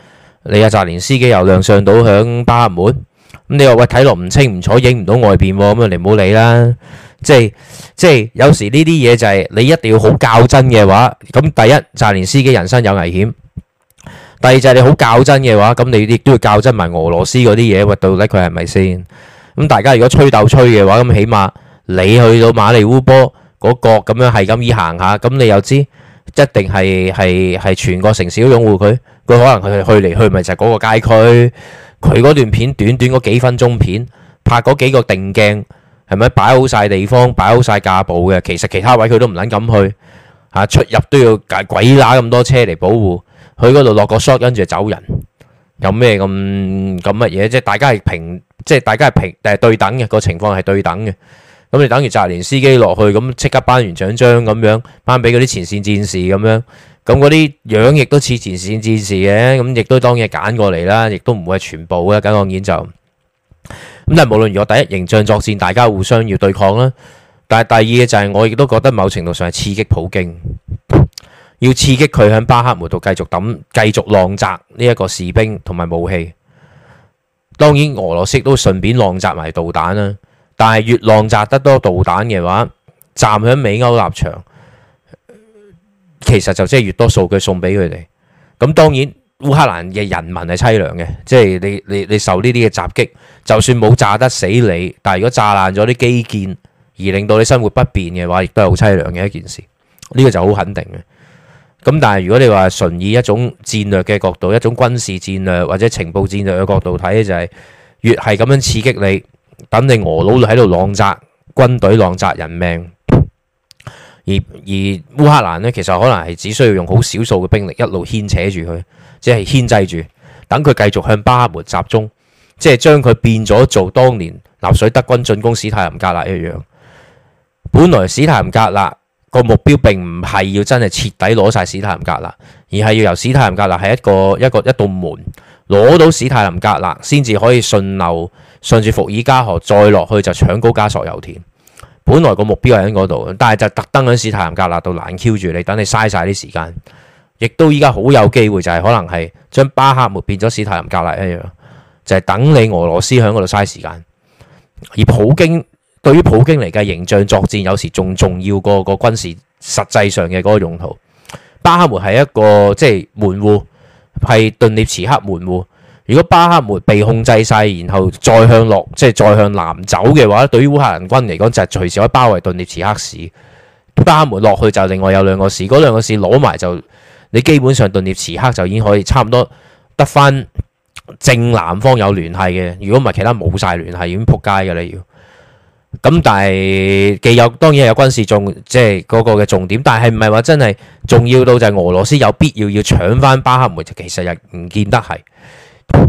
你阿澤連斯基又亮相到響巴克門咁、嗯，你話喂睇落唔清唔楚，影唔到外邊咁啊，嗯、你唔好理啦。即係即係有時呢啲嘢就係你一定要好較真嘅話，咁第一澤連斯基人生有危險，第二就係你好較真嘅話，咁你亦都要較真埋俄羅斯嗰啲嘢，喂，到底佢係咪先？咁大家如果吹鬥吹嘅話，咁起碼你去到馬里烏波嗰角咁樣係咁易行下，咁你又知一定係係係全個城市都擁護佢。佢可能佢去嚟去咪就係嗰個街區，佢嗰段片短短嗰幾分鐘片，拍嗰幾個定鏡，係咪擺好晒地方，擺好晒架步嘅？其實其他位佢都唔撚敢去嚇，出入都要鬼打咁多車嚟保護。佢嗰度落個 shot 跟住走人。有咩咁咁乜嘢？即係大家係平，即係大家係平，誒，對等嘅，個情況係對等嘅。咁你等於澤連司機落去，咁即刻頒完獎章咁樣，頒俾嗰啲前線戰士咁樣。咁嗰啲樣亦都似前線戰士嘅，咁亦都當然揀過嚟啦，亦都唔會係全部啦，梗係當然就。咁但係無論如何第一形象作戰，大家互相要對抗啦。但係第二嘅就係我亦都覺得某程度上係刺激普京。要刺激佢喺巴克梅度繼續抌、繼續浪擲呢一個士兵同埋武器。當然俄羅斯都順便浪擲埋導彈啦。但係越浪擲得多導彈嘅話，站喺美歐立場，其實就即係越多數據送俾佢哋。咁當然烏克蘭嘅人民係淒涼嘅，即係你你，你受呢啲嘅襲擊，就算冇炸得死你，但係如果炸爛咗啲基建，而令到你生活不便嘅話，亦都係好淒涼嘅一件事。呢、這個就好肯定嘅。咁但係如果你話純以一種戰略嘅角度，一種軍事戰略或者情報戰略嘅角度睇，就係越係咁樣刺激你，等你俄佬喺度浪擲軍隊，浪擲人命，而而烏克蘭呢，其實可能係只需要用好少數嘅兵力一路牽扯住佢，即係牽制住，等佢繼續向巴赫穆特集中，即係將佢變咗做當年納粹德軍進攻史太林格勒一樣，本來史太林格勒。個目標並唔係要真係徹底攞晒史太林格勒，而係要由史太林格勒係一個一個一道門攞到史太林格勒，先至可以順流順住伏爾加河再落去就搶高加索油田。本來個目標係喺嗰度，但係就特登喺史太林格勒度難 Q 住你，等你嘥晒啲時間。亦都依家好有機會，就是，就係可能係將巴克末變咗史太林格勒一樣，就係、是、等你俄羅斯喺嗰度嘥時間，而普京。對於普京嚟嘅形象作戰，有時仲重要過個軍事實際上嘅嗰個用途。巴克門係一個即係、就是、門戶，係頓涅茨克門戶。如果巴克門被控制晒，然後再向落即係再向南走嘅話咧，對於烏克蘭軍嚟講就係、是、隨時可以包圍頓涅茨克市。巴克門落去就另外有兩個市，嗰兩個市攞埋就你基本上頓涅茨克就已經可以差唔多得翻正南方有聯繫嘅。如果唔係，其他冇晒聯繫，已經仆街㗎啦。要。咁但係既有當然係有軍事重，即係嗰個嘅重點，但係唔係話真係重要到就係俄羅斯有必要要搶翻巴克梅，其實又唔見得係，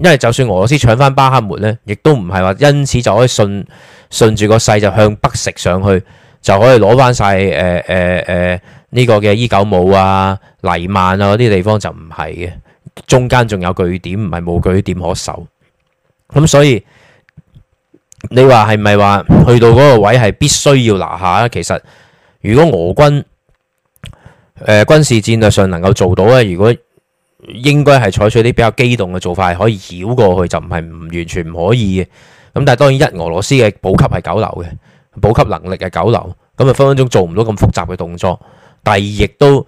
因為就算俄羅斯搶翻巴克梅咧，亦都唔係話因此就可以順順住個勢就向北食上去，就可以攞翻晒誒誒誒呢個嘅伊久姆啊、黎曼啊嗰啲地方，就唔係嘅，中間仲有據點，唔係冇據點可守，咁所以。你話係咪話去到嗰個位係必須要拿下？其實如果俄軍誒、呃、軍事戰略上能夠做到咧，如果應該係採取啲比較機動嘅做法，係可以繞過去，就唔係唔完全唔可以嘅。咁、嗯、但係當然一俄羅斯嘅補給係九流嘅，補給能力係九流，咁啊分分鐘做唔到咁複雜嘅動作。第二亦都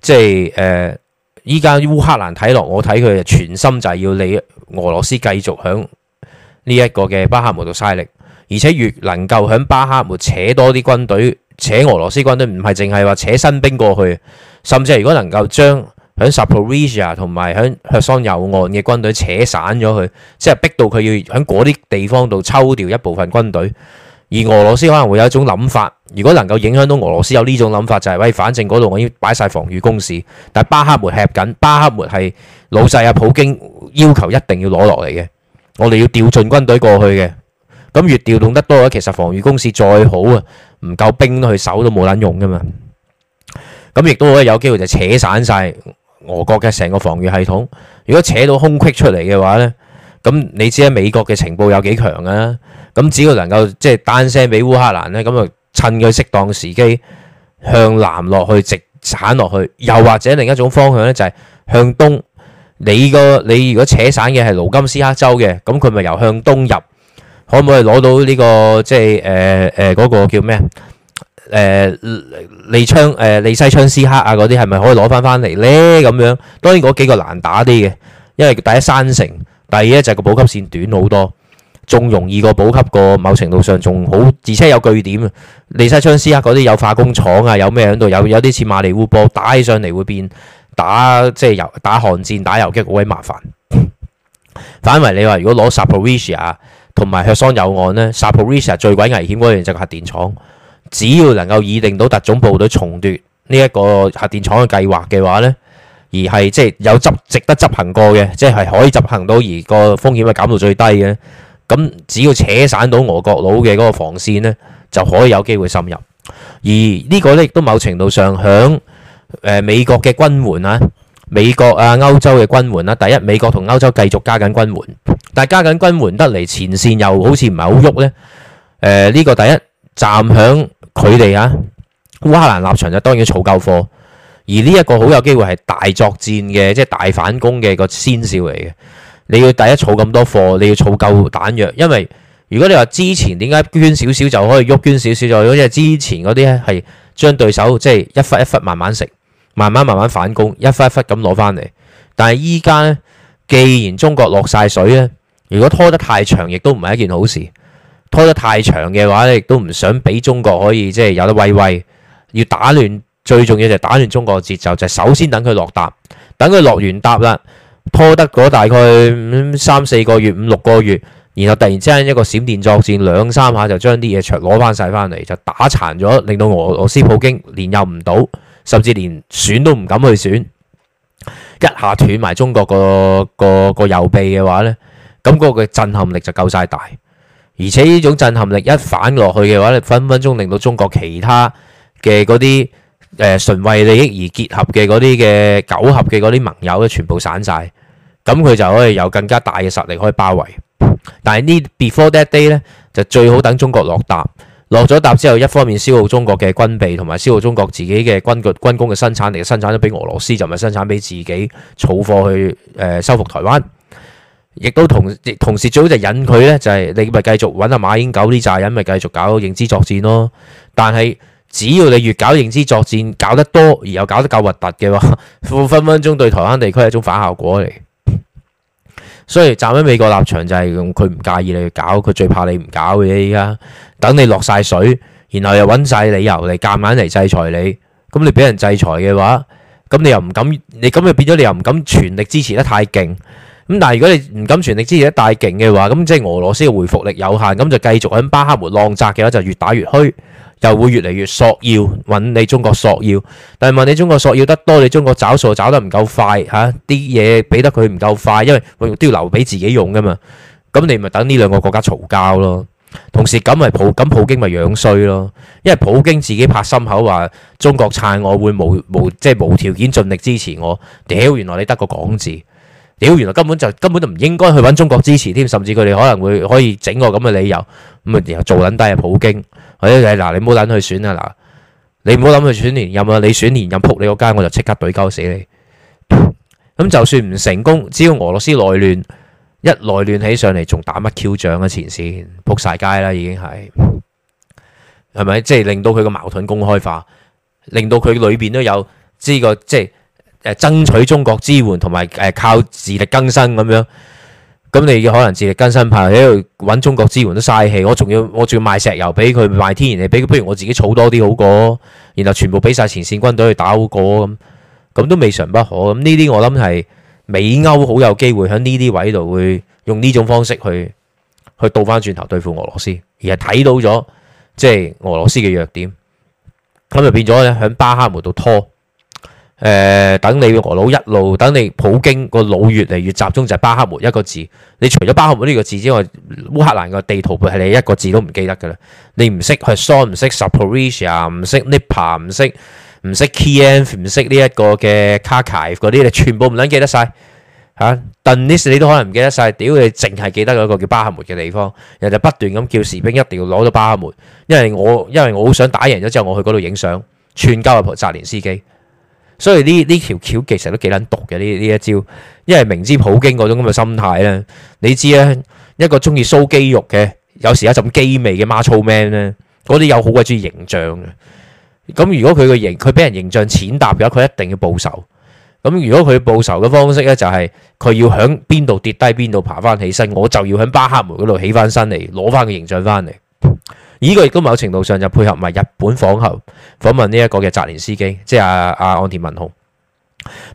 即係誒，依家烏克蘭睇落，我睇佢啊全心就係要你俄羅斯繼續響。呢一個嘅巴克莫度嘥力，而且越能夠響巴克莫扯多啲軍隊，扯俄羅斯軍隊唔係淨係話扯新兵過去，甚至如果能夠將響 Zaporizhzhia 同埋響 Kherson 右岸嘅軍隊扯散咗佢，即係逼到佢要響嗰啲地方度抽掉一部分軍隊，而俄羅斯可能會有一種諗法，如果能夠影響到俄羅斯有呢種諗法，就係喂，反正嗰度我要擺晒防禦工事，但係巴克莫吃緊，巴克莫係老細啊普京要求一定要攞落嚟嘅。我哋要調進軍隊過去嘅，咁越調動得多嘅，其實防禦工事再好啊，唔夠兵去守都冇撚用噶嘛。咁亦都可以有機會就扯散晒俄國嘅成個防禦系統。如果扯到空隙出嚟嘅話呢，咁你知咧美國嘅情報有幾強啊？咁只要能夠即係單聲俾烏克蘭呢，咁啊趁佢適當時機向南落去直鏟落去，又或者另一種方向呢就係向東，你個你如果扯散嘅係盧甘斯克州嘅，咁佢咪由向東入，可唔可以攞到呢個即係誒誒嗰個叫咩啊、呃？利昌誒、呃、利西昌斯克啊嗰啲係咪可以攞翻翻嚟咧？咁樣當然嗰幾個難打啲嘅，因為第一山城，第二咧就係個補給線短好多，仲容易過補給過某程度上仲好，而且有據點啊。利西昌斯克嗰啲有化工廠啊，有咩喺度，有有啲似馬尼烏波，打起上嚟會變。打即係遊打寒戰打遊擊好鬼麻煩， 反為你話如果攞薩普維亞同埋赫桑有案呢咧，薩普維亞最鬼危險嗰樣就係核電廠，只要能夠擬定到特種部隊重奪呢一個核電廠嘅計劃嘅話呢，而係即係有執值得執行過嘅，即係可以執行到而個風險係減到最低嘅，咁只要扯散到俄國佬嘅嗰個防線呢，就可以有機會深入，而呢個呢，亦都某程度上響。誒，美國嘅軍援啊，美國啊，歐洲嘅軍援啦，第一美國同歐洲繼續加緊軍援，但係加緊軍援得嚟前綫又好似唔係好喐咧。誒，呢個第一站響佢哋啊，烏克蘭立場就當然要儲夠貨，而呢一個好有機會係大作戰嘅，即係大反攻嘅個先兆嚟嘅。你要第一儲咁多貨，你要儲夠彈藥，因為如果你話之前點解捐少少就可以喐，捐少少就可以，因為之前嗰啲咧係將對手即係一忽一忽慢慢食。慢慢慢慢反攻，一忽一忽咁攞翻嚟。但係依家咧，既然中國落晒水咧，如果拖得太長，亦都唔係一件好事。拖得太長嘅話咧，亦都唔想俾中國可以即係、就是、有得喂喂。要打亂，最重要就係打亂中國嘅節奏，就係、是、首先等佢落答，等佢落完答啦，拖得嗰大概三四個月、五六個月，然後突然之間一個閃電作戰，兩三下就將啲嘢攞翻晒翻嚟，就打殘咗，令到俄羅斯普京連任唔到。甚至連選都唔敢去選，一下斷埋中國個個右臂嘅話呢，咁嗰個震撼力就夠晒大，而且呢種震撼力一反落去嘅話咧，分分鐘令到中國其他嘅嗰啲誒純為利益而結合嘅嗰啲嘅九合嘅嗰啲盟友咧，全部散晒，咁佢就可以有更加大嘅實力可以包圍。但係呢 before that day 呢就最好等中國落答。落咗搭之後，一方面消耗中國嘅軍備，同埋消耗中國自己嘅軍國軍工嘅生產力，生產咗俾俄羅斯，就咪生產俾自己儲貨去誒、呃、收復台灣。亦都同同時最好就引佢呢，就係、是、你咪繼續揾阿馬英九啲扎人，咪繼續搞認知作戰咯。但係只要你越搞認知作戰，搞得多，而又搞得夠核突嘅話，分分鐘對台灣地區係一種反效果嚟。所以站喺美國立場就係佢唔介意你去搞，佢最怕你唔搞嘅。依家等你落晒水，然後又揾晒理由嚟夾硬嚟制裁你。咁你俾人制裁嘅話，咁你又唔敢，你咁就變咗你又唔敢全力支持得太勁。咁但係如果你唔敢全力支持得太勁嘅話，咁即係俄羅斯嘅回復力有限，咁就繼續喺巴克姆浪擲嘅話，就越打越虛。又會越嚟越索要，搵你中國索要。但係問你中國索要得多，你中國找數找得唔夠快吓，啲嘢俾得佢唔夠快，因為都要留俾自己用噶嘛，咁你咪等呢兩個國家嘈交咯。同時咁咪普咁普京咪樣衰咯，因為普京自己拍心口話中國撐我會無無即係無條件盡力支持我，屌原來你得個講字，屌原來根本就根本就唔應該去搵中國支持添，甚至佢哋可能會可以整個咁嘅理由，咁啊然後做撚低啊普京。我嗱， 你唔好諗去選啊！嗱，你唔好諗去選連任啊！你選連任撲你個街，我就即刻懟鳩死你！咁 就算唔成功，只要俄羅斯內亂，一內亂起上嚟，仲打乜 Q 仗啊？前線撲晒街啦，已經係係咪？即係令到佢個矛盾公開化，令到佢裏邊都有呢個即係誒爭取中國支援，同埋靠自力更生咁樣。咁你有可能自力更生派喺度揾中國支援都嘥氣，我仲要我仲要賣石油俾佢，賣天然氣俾佢，不如我自己儲多啲好過，然後全部俾晒前線軍隊去打好過咁，咁都未嘗不可。咁呢啲我諗係美歐好有機會喺呢啲位度會用呢種方式去去倒翻轉頭對付俄羅斯，而係睇到咗即係俄羅斯嘅弱點，咁就變咗咧喺巴哈姆度拖。誒，等你俄佬一路，等你普京個腦越嚟越集中，就係巴克梅一個字。你除咗巴克梅呢個字之外，烏克蘭個地圖係你一個字都唔記得㗎啦。你唔識去，唔識 s u p p o r t i i a 唔識 nipa，唔識唔識 k i n 唔識呢一個嘅卡 a r 嗰啲，你全部唔撚記得晒。嚇。n i s 你都可能唔記得晒，屌你淨係記得嗰個叫巴克梅嘅地方，人就不斷咁叫士兵一定要攞到巴克梅，因為我因為我好想打贏咗之後，我去嗰度影相，串交阿婆、扎聯斯基。所以呢，呢條橋其實都幾撚毒嘅，呢呢一招，因為明知普京嗰種咁嘅心態咧，你知咧，一個中意 show 肌肉嘅，有時有一陣肌味嘅 macho man 咧，嗰啲又好鬼中意形象嘅。咁如果佢個形佢俾人形象踐踏嘅話，佢一定要報仇。咁如果佢報仇嘅方式咧，就係，就係佢要響邊度跌低邊度爬翻起身，我就要響巴克梅嗰度起翻身嚟攞翻個形象翻嚟。呢個亦都某程度上就配合埋日本訪候訪問呢一個嘅澤連斯基，即係阿阿岸田文雄，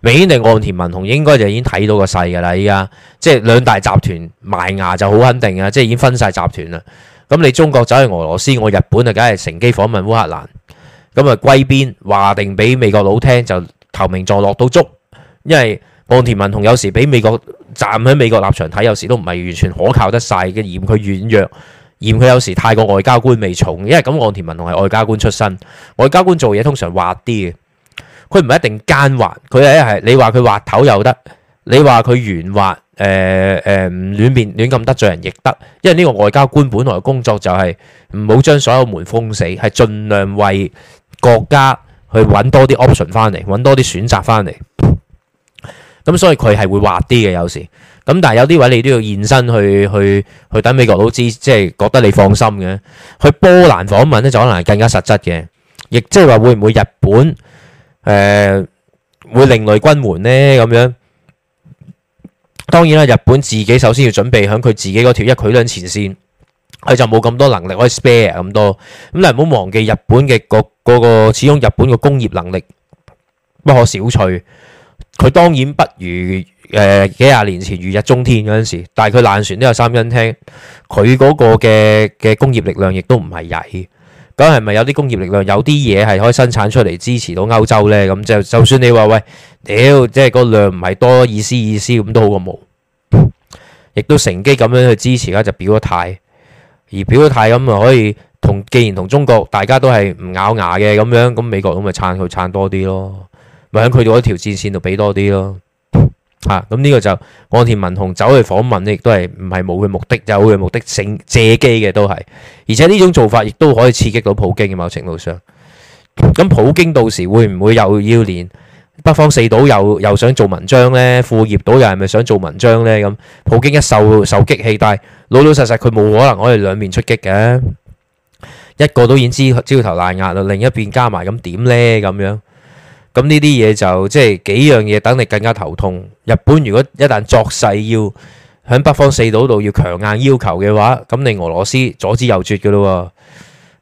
明顯地岸田文雄應該就已經睇到個勢㗎啦。依家即係兩大集團埋牙就好肯定啊，即係已經分晒集團啦。咁你中國走去俄羅斯，我日本就梗係乘機訪問烏克蘭，咁啊歸邊話定俾美國佬聽就投名狀落到足，因為岸田文雄有時俾美國站喺美國立場睇，有時都唔係完全可靠得晒嘅，嫌佢軟弱。嫌佢有時太過外交官味重，因為咁岸田文雄係外交官出身，外交官做嘢通常滑啲嘅，佢唔一定奸滑，佢係係你話佢滑頭又得，你話佢圓滑，誒、呃、誒、呃、亂變亂咁得罪人亦得，因為呢個外交官本來工作就係唔好將所有門封死，係盡量為國家去揾多啲 option 翻嚟，揾多啲選擇翻嚟，咁所以佢係會滑啲嘅有時。咁但係有啲位你都要現身去去去等美國佬知，即係覺得你放心嘅。去波蘭訪問咧就可能係更加實質嘅，亦即係話會唔會日本誒、呃、會另類軍援呢？咁樣？當然啦，日本自己首先要準備響佢自己嗰條一距離前線，佢就冇咁多能力可以 spare 咁多。咁你唔好忘記日本嘅嗰、那個、個，始終日本嘅工業能力不可小覷。佢當然不如誒、呃、幾廿年前如日中天嗰陣時，但係佢爛船都有三斤釘。佢嗰個嘅嘅工業力量亦都唔係曳。咁係咪有啲工業力量，有啲嘢係可以生產出嚟支持到歐洲呢？咁就就算你話喂，屌、哎，即係個量唔係多，意思意思咁都好過冇，亦都乘機咁樣去支持啦，就表個態。而表個態咁咪可以同既然同中國大家都係唔咬牙嘅咁樣，咁美國咁咪撐佢撐多啲咯。咪喺佢哋嗰條戰線度俾多啲咯，吓，咁呢個就岸田文雄走去訪問呢，亦都係唔係冇嘅目的，有嘅目的性，借機嘅都係，而且呢種做法亦都可以刺激到普京嘅某程度上。咁普京到時會唔會又要連北方四島又又想做文章呢？庫頁島又係咪想做文章呢？咁普京一受受激氣，但係老老實實佢冇可能可以兩面出擊嘅，一個都已經知焦頭爛額啦，另一邊加埋咁點呢？咁樣。咁呢啲嘢就即係幾樣嘢等你更加頭痛。日本如果一旦作勢要喺北方四島度要強硬要求嘅話，咁你俄羅斯左支右絀嘅咯喎。嚇、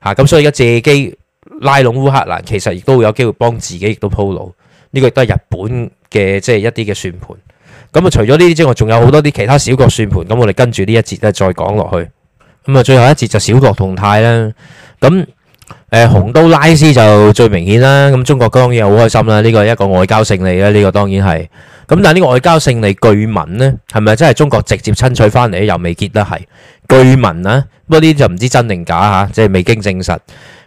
啊，咁所以而家借機拉攏烏克蘭，其實亦都會有機會幫自己亦都鋪路。呢、呢個亦都係日本嘅即係一啲嘅算盤。咁啊，除咗呢啲之外，仲有好多啲其他小國算盤。咁我哋跟住呢一節咧再講落去。咁啊，最後一節就小國動態啦。咁誒，洪都拉斯就最明顯啦。咁中國當然好開心啦。呢個一個外交勝利啦，呢個當然係。咁但係呢個外交勝利據聞咧，係咪真係中國直接侵取翻嚟咧？又未結得，係據聞啦。不過呢啲就唔知真定假嚇，即係未經證實。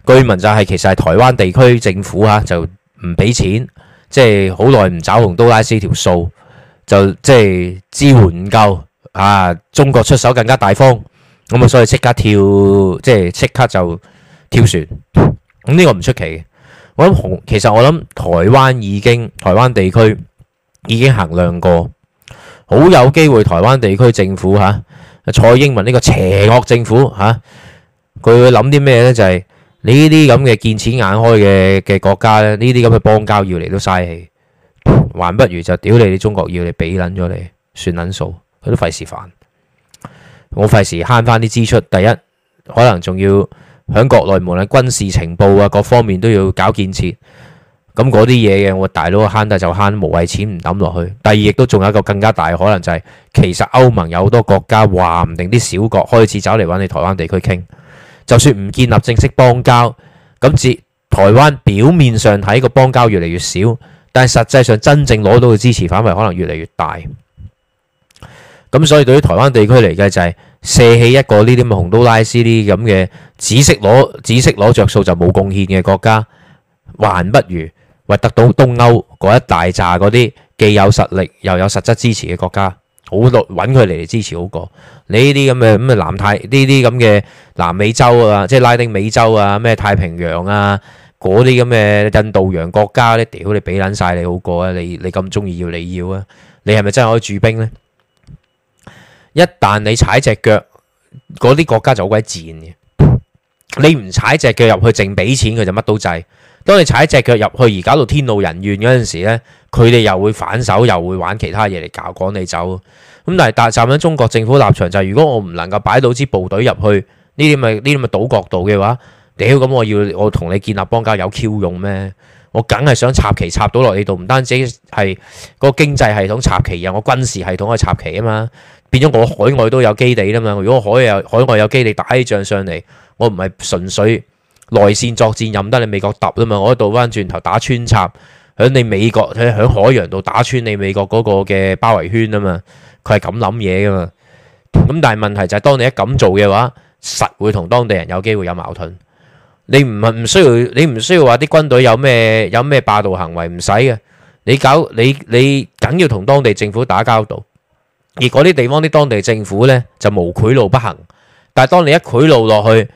據聞就係其實係台灣地區政府嚇就唔俾錢，即係好耐唔找洪都拉斯條數，就即係支援唔夠嚇。中國出手更加大方，咁啊，所以即刻跳，即係即刻就。挑選，咁呢個唔出奇嘅。我諗紅，其實我諗台灣已經台灣地區已經衡量過，好有機會。台灣地區政府吓蔡英文呢個邪惡政府吓，佢會諗啲咩呢？就係呢啲咁嘅見錢眼開嘅嘅國家，呢啲咁嘅邦交要嚟都嘥氣，還不如就屌你哋，中國要你俾捻咗你算捻數，佢都費事煩。我費事慳翻啲支出，第一可能仲要，喺國內無論軍事情報啊，各方面都要搞建設，咁嗰啲嘢嘅，我大佬慳得就慳，無謂錢唔抌落去。第二，亦都仲有一個更加大可能就係、是，其實歐盟有好多國家話唔定啲小國開始走嚟揾你台灣地區傾，就算唔建立正式邦交，咁至台灣表面上睇個邦交越嚟越少，但係實際上真正攞到嘅支持範圍可能越嚟越大。咁所以對於台灣地區嚟計就係、是。射起一個呢啲咁嘅洪都拉斯呢啲咁嘅只識攞只識攞著數就冇貢獻嘅國家，還不如或得到東歐嗰一大揸嗰啲既有實力又有實質支持嘅國家，好多揾佢嚟嚟支持好過。你呢啲咁嘅咁嘅南太呢啲咁嘅南美洲啊，即係拉丁美洲啊，咩太平洋啊嗰啲咁嘅印度洋國家咧，屌你俾撚晒你，你好過啊！你你咁中意要你要啊！你係咪真係可以駐兵呢？一旦你踩隻腳，嗰啲國家就好鬼賤嘅。你唔踩隻腳入去，淨俾錢佢就乜都制。當你踩隻腳入去而搞到天怒人怨嗰陣時咧，佢哋又會反手又會玩其他嘢嚟搞趕你走。咁但係站喺中國政府立場就係、係，如果我唔能夠擺到支部隊入去呢啲咪呢啲咪島國度嘅話，屌咁我要我同你建立邦交，有 Q 用咩？我梗係想插旗插到落你度，唔單止係個經濟系統插旗啊，我軍事系統都係插旗啊嘛。變咗我海外都有基地啊嘛，如果海有海外有基地打起仗上嚟，我唔係純粹內線作戰，任得你美國揼啊嘛，我喺度翻轉頭打穿插，喺你美國喺喺海洋度打穿你美國嗰個嘅包圍圈啊嘛，佢係咁諗嘢噶嘛，咁但係問題就係當你一咁做嘅話，實會同當地人有機會有矛盾，你唔係唔需要你唔需要話啲軍隊有咩有咩霸道行為唔使嘅，你搞你你梗要同當地政府打交道。而嗰啲地方啲當地政府呢，就無賄賂不行，但係當你一賄賂落去，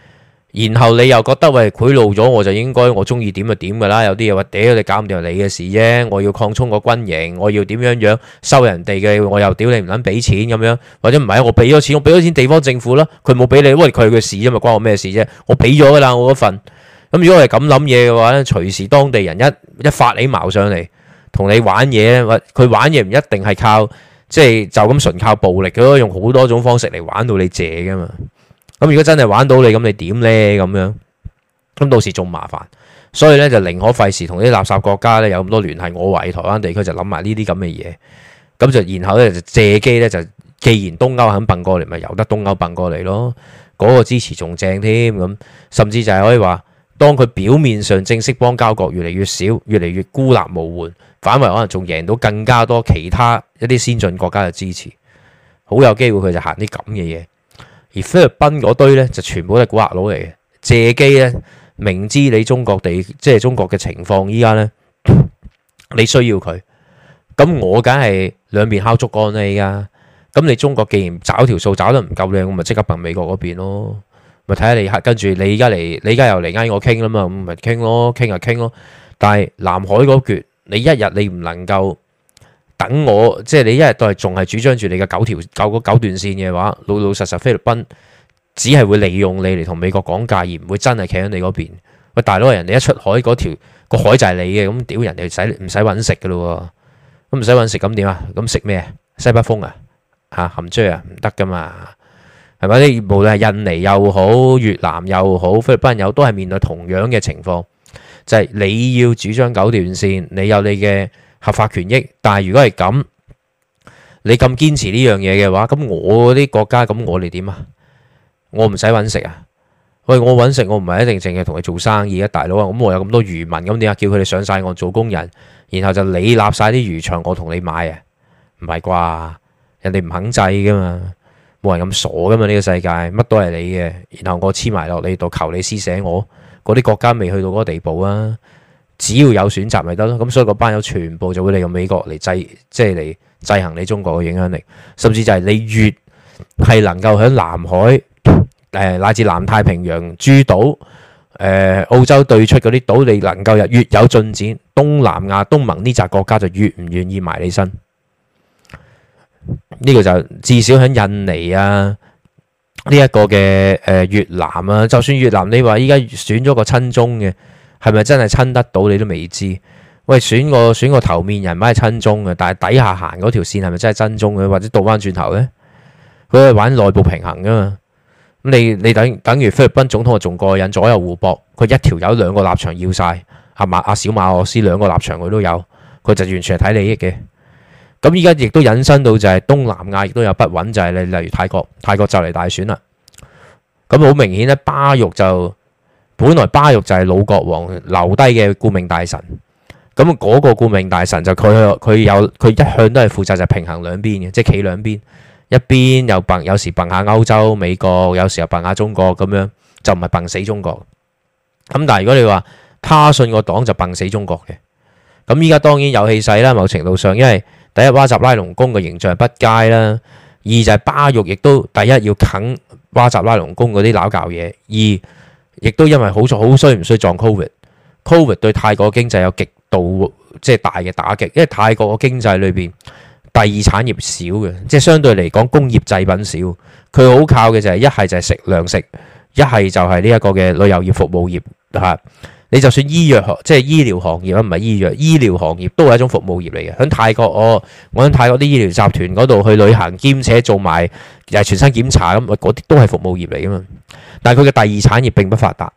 然後你又覺得喂賄賂咗我就應該我中意點就點㗎啦，有啲嘢話屌你搞唔掂你嘅事啫，我要擴充個軍營，我要點樣樣收人哋嘅，我又屌你唔撚俾錢咁樣，或者唔係我俾咗錢，我俾咗錢，錢地方政府啦，佢冇俾你，喂佢嘅事啫嘛，關我咩事啫？我俾咗㗎啦，我份。咁如果係咁諗嘢嘅話呢，隨時當地人一一發起矛上嚟，同你玩嘢，佢玩嘢唔一定係靠。即係就咁純靠暴力嘅，用好多種方式嚟玩到你借噶嘛。咁如果真係玩到你，咁你點呢？咁樣咁到時仲麻煩。所以咧就寧可費事同啲垃圾國家咧有咁多聯繫。我懷疑台灣地區就諗埋呢啲咁嘅嘢。咁就然後咧就借機咧就既然東歐肯揼過嚟，咪由得東歐揼過嚟咯。嗰個支持仲正添咁，甚至就係可以話，當佢表面上正式邦交國越嚟越少，越嚟越孤立無援。反為可能仲贏到更加多其他一啲先進國家嘅支持，好有機會佢就行啲咁嘅嘢。而菲律賓嗰堆咧就全部都係古惑佬嚟嘅，借機咧明知你中國地即係中國嘅情況呢，依家咧你需要佢，咁我梗係兩邊敲竹竿啦依家。咁你中國既然找條數找得唔夠靚，我咪即刻憑美國嗰邊咯，咪睇下你跟住你而家嚟，你而家又嚟挨我傾啦嘛，咁咪傾咯傾啊傾咯。但係南海嗰橛。你一日你唔能夠等我，即係你一日都係仲係主張住你嘅九條九九段線嘅話，老老實實菲律賓只係會利用你嚟同美國講價，而唔會真係企喺你嗰邊。喂大佬，人哋一出海嗰條個海就係你嘅，咁屌人哋使唔使揾食嘅咯？咁唔使揾食咁點啊？咁食咩？西北風啊，嚇，啊，含追啊，唔得噶嘛，係咪？你無論係印尼又好，越南又好，菲律賓又好，都係面對同樣嘅情況。就係你要主張九段線，你有你嘅合法權益。但係如果係咁，你咁堅持呢樣嘢嘅話，咁我啲國家咁，我哋點啊？我唔使揾食啊！喂，我揾食，我唔係一定淨係同你做生意啊，大佬啊！咁我有咁多漁民，咁點啊？叫佢哋上晒岸做工人，然後就你立晒啲漁場，我同你買啊？唔係啩？人哋唔肯制噶嘛，冇人咁傻噶嘛，呢個世界乜都係你嘅，然後我黐埋落你度，求你施捨我。嗰啲國家未去到嗰個地步啊，只要有選擇咪得咯。咁所以個班友全部就會利用美國嚟制，即係嚟制衡你中國嘅影響力，甚至就係你越係能夠喺南海、誒、呃、乃至南太平洋諸島、誒、呃、澳洲對出嗰啲島，你能夠入，越有進展，東南亞東盟呢紮國家就越唔願意埋你身。呢、這個就至少喺印尼啊。呢一個嘅、誒越南啊，就算越南你話依家選咗個親中嘅，係咪真係親得到你都未知。喂，選個選個頭面人咪係親中嘅，但係底下行嗰條綫係咪真係真中嘅，或者倒翻轉頭呢？佢係玩內部平衡噶嘛？咁你你等等於菲律賓總統仲過癮，左右互搏，佢一條友兩個立場要晒，阿馬阿小馬俄斯兩個立場佢都有，佢就完全係睇利益嘅。咁而家亦都引申到就係東南亞亦都有不穩，就係你例如泰國，泰國就嚟大選啦。咁好明顯咧，巴育就本來巴育就係老國王留低嘅顧命大臣。咁、那、嗰個顧命大臣就佢佢有佢一向都係負責就平衡兩邊嘅，即係企兩邊一邊又笨，有時笨下歐洲美國，有時又笨下中國咁樣，就唔係笨死中國。咁但係如果你話他信個黨就笨死中國嘅咁，依家當然有氣勢啦。某程度上，因為第一，哇集拉隆功嘅形象不佳啦；二就係巴育，亦都第一要啃哇集拉隆功嗰啲攋教嘢；二亦都因為好衰，好衰唔衰撞 covid，covid CO 對泰國經濟有極度即係大嘅打擊，因為泰國嘅經濟裏邊第二產業少嘅，即係相對嚟講工業製品少，佢好靠嘅就係一係就係食糧食，一係就係呢一個嘅旅遊業服務業啦。你就算醫藥學即係醫療行業啊，唔係醫藥醫療行業都係一種服務業嚟嘅。喺泰國，我我喺泰國啲醫療集團嗰度去旅行，兼且做埋又全身檢查咁，嗰啲都係服務業嚟噶嘛但係佢嘅第二產業並不發達。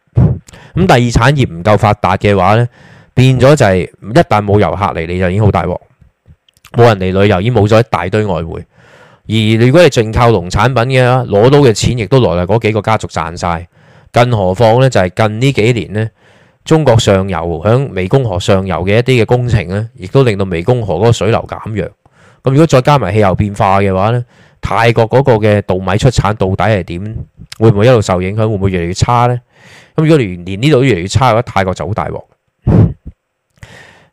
咁第二產業唔夠發達嘅話呢，變咗就係一旦冇遊客嚟，你就已經好大鑊，冇人嚟旅遊，已經冇咗一大堆外匯。而如果你淨靠農產品嘅，攞到嘅錢亦都來嚟嗰幾個家族賺晒。更何況呢？就係近呢幾年呢。中國上游響湄公河上游嘅一啲嘅工程呢，亦都令到湄公河嗰個水流減弱。咁如果再加埋氣候變化嘅話呢，泰國嗰個嘅稻米出產到底係點？會唔會一路受影響？會唔會越嚟越差呢？咁如果連呢度越嚟越差嘅話，泰國就好大鑊。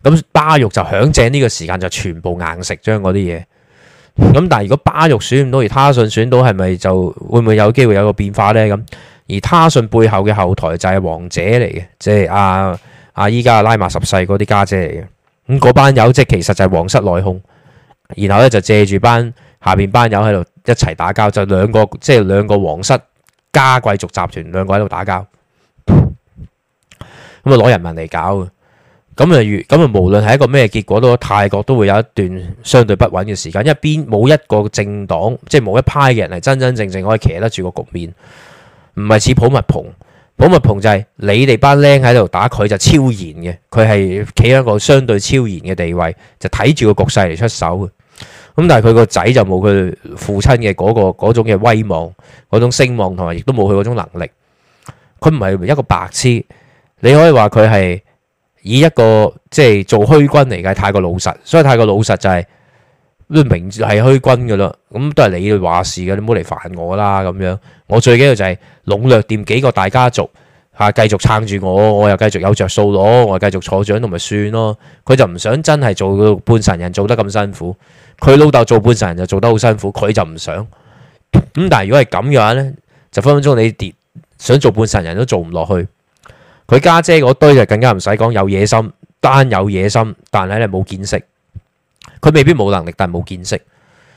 咁 巴育就響正呢個時間就全部硬食，將嗰啲嘢。咁但係如果巴育選唔到而他信選到，係咪就會唔會有機會有個變化呢？咁？而他信背後嘅後台就係皇姐嚟嘅，即係阿阿依家拉馬十世嗰啲家姐嚟嘅。咁嗰班友即係其實就係皇室內訌，然後咧就借住班下邊班友喺度一齊打交，就係、兩個即係、就係、兩個皇室加貴族集團兩個喺度打交，咁啊，攞人民嚟搞咁啊，咁啊，無論係一個咩結果，都泰國都會有一段相對不穩嘅時間。因為冇一個政黨，即係冇一派嘅人係真真正正可以企得住個局面。唔係似普密蓬，普密蓬就係你哋班僆喺度打，佢就超然嘅，佢係企喺一個相對超然嘅地位，就睇住個局勢嚟出手嘅。咁但係佢個仔就冇佢父親嘅嗰個嗰種嘅威望，嗰種聲望同埋亦都冇佢嗰種能力。佢唔係一個白痴，你可以話佢係以一個即係、就是、做虛君嚟嘅，太過老實，所以太過老實就係、是。都明係虛君噶啦，咁都係你哋話事噶，你唔好嚟煩我啦咁樣。我最緊要就係籠絡掂幾個大家族嚇、啊，繼續撐住我，我又繼續有着數咯，我繼續坐住喺度咪算咯。佢就唔想真係做半神人做得咁辛苦，佢老豆做半神人就做得好辛苦，佢就唔想。咁但係如果係咁嘅話咧，就分分鐘你跌想做半神人都做唔落去。佢家姐嗰堆就更加唔使講，有野心，單有野心，但係你冇見識。佢未必冇能力，但係冇見識，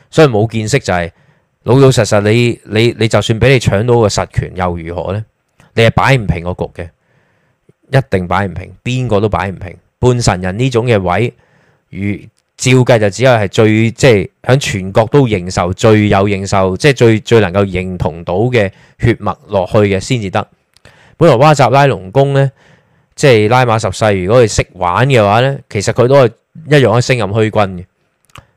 所以冇見識就係、是、老老實實。你你你就算俾你搶到個實權又如何呢？你係擺唔平個局嘅，一定擺唔平，邊個都擺唔平。半神人呢種嘅位，如照計就只有係最即係響全國都認受、最有認受、即、就、係、是、最最能夠認同到嘅血脈落去嘅先至得。本來瓦集拉隆功呢，即、就、係、是、拉馬十世，如果佢識玩嘅話呢，其實佢都係一樣可以升任虛君嘅。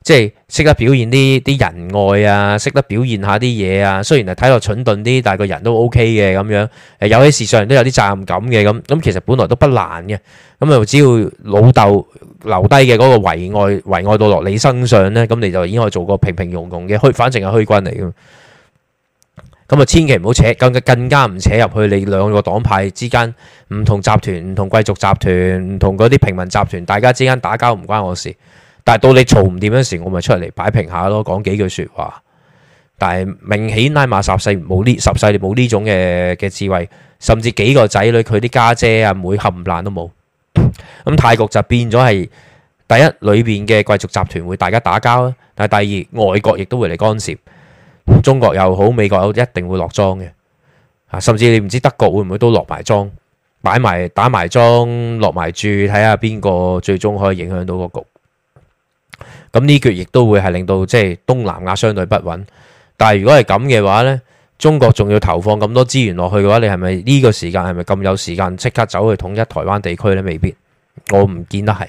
即係識得表現啲啲仁愛啊，識得表現下啲嘢啊。雖然係睇落蠢鈍啲，但係個人都 OK 嘅咁樣。誒、呃，時有啲事上都有啲責任感嘅咁。咁、嗯、其實本來都不難嘅。咁、嗯、啊，只要老豆留低嘅嗰個遺愛，遺愛到落你身上咧，咁、嗯、你就已經可以做個平平庸庸嘅虛，反正係虛君嚟嘅。咁、嗯、啊、嗯，千祈唔好扯，更更加唔扯入去你兩個黨派之間，唔同集團、唔同貴族集團、唔同嗰啲平民集團，大家之間打交唔關我事。但係到你嘈唔掂嗰時，我咪出嚟擺平下咯，講幾句說話。但係明起拉馬十世冇呢十世冇呢種嘅嘅智慧，甚至幾個仔女佢啲家姐啊妹冚爛都冇。咁泰國就變咗係第一裏邊嘅貴族集團會大家打交啦。但係第二外國亦都會嚟干涉，中國又好，美國好一定會落莊嘅。啊，甚至你唔知德國會唔會都落埋莊，擺埋打埋莊，落埋注睇下邊個最終可以影響到個局。咁呢決亦都會係令到即係東南亞相對不穩，但係如果係咁嘅話呢，中國仲要投放咁多資源落去嘅話，你係咪呢個時間係咪咁有時間即刻走去統一台灣地區呢？未必，我唔見得係。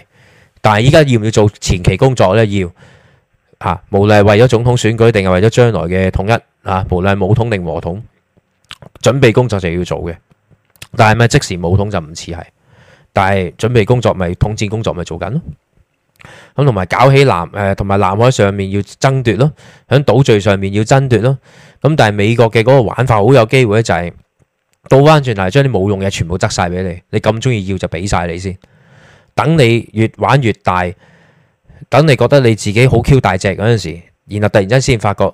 但係依家要唔要做前期工作呢？要嚇、啊，無論係為咗總統選舉定係為咗將來嘅統一啊，無論係武統定和統，準備工作就要做嘅。但係咪即時武統就唔似係，但係準備工作咪、就是、統戰工作咪做緊咯？咁同埋搞起南誒，呃、同埋南海上面要爭奪咯，喺島嶼上面要爭奪咯。咁但係美國嘅嗰個玩法好有機會就係、呢、倒翻轉嚟，將啲冇用嘅全部執晒俾你，你咁中意要就俾晒你先。等你越玩越大，等你覺得你自己好 Q 大隻嗰陣時，然後突然間先發覺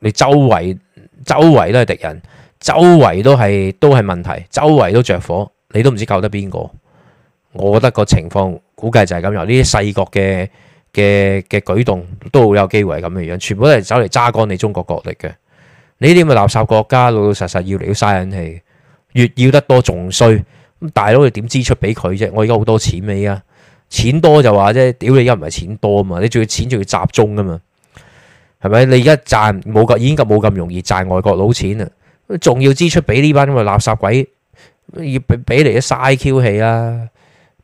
你周圍周圍都係敵人，周圍都係都係問題，周圍都着火，你都唔知救得邊個。我覺得個情況估計就係咁樣，呢啲細國嘅嘅嘅舉動都好有機會係咁嘅樣，全部都係走嚟揸乾你中國國力嘅。呢啲咪垃圾國家，老老實實要嚟都嘥人氣，越要得多仲衰。咁大佬你點支出俾佢啫。我而家好多錢啊，而家錢多就話啫，屌你而家唔係錢多啊嘛，你仲要錢仲要集中啊嘛，係咪？你而家賺冇咁，已經冇咁容易賺外國佬錢啦，仲要支出俾呢班咁嘅垃圾鬼，要俾俾嚟嘥 Q 氣啦。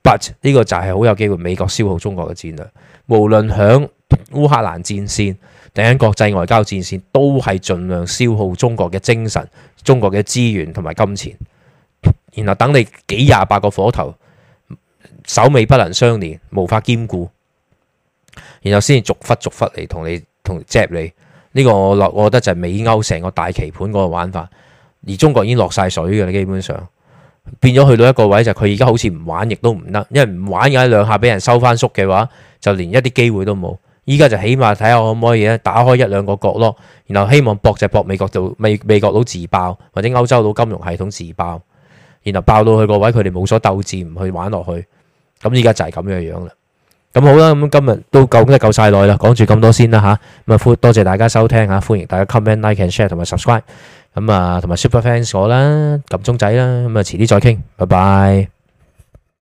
But 呢個就係好有機會美國消耗中國嘅戰略，無論響烏克蘭戰線定喺國際外交戰線，都係盡量消耗中國嘅精神、中國嘅資源同埋金錢，然後等你幾廿百個火頭，首尾不能相連，無法兼顧，然後先逐忽逐忽嚟同你同接你。呢個我覺得就係美歐成個大棋盤嗰個玩法，而中國已經落晒水嘅啦，基本上。變咗去到一個位就佢而家好似唔玩亦都唔得，因為唔玩而家兩下俾人收翻縮嘅話，就連一啲機會都冇。依家就起碼睇下可唔可以咧打開一兩個角咯，然後希望博就博美國就美美國佬自爆，或者歐洲佬金融系統自爆，然後爆到去個位佢哋冇所鬥志唔去玩落去，咁依家就係咁嘅樣啦。咁好啦，咁今日都夠都夠晒耐啦，講住咁多先啦吓。咁啊，多謝大家收聽吓，歡迎大家 comment like and share 同埋 subscribe。咁啊，同埋、嗯、Superfans 我啦，撳鐘仔啦，咁、嗯、啊，遲啲再傾，拜拜。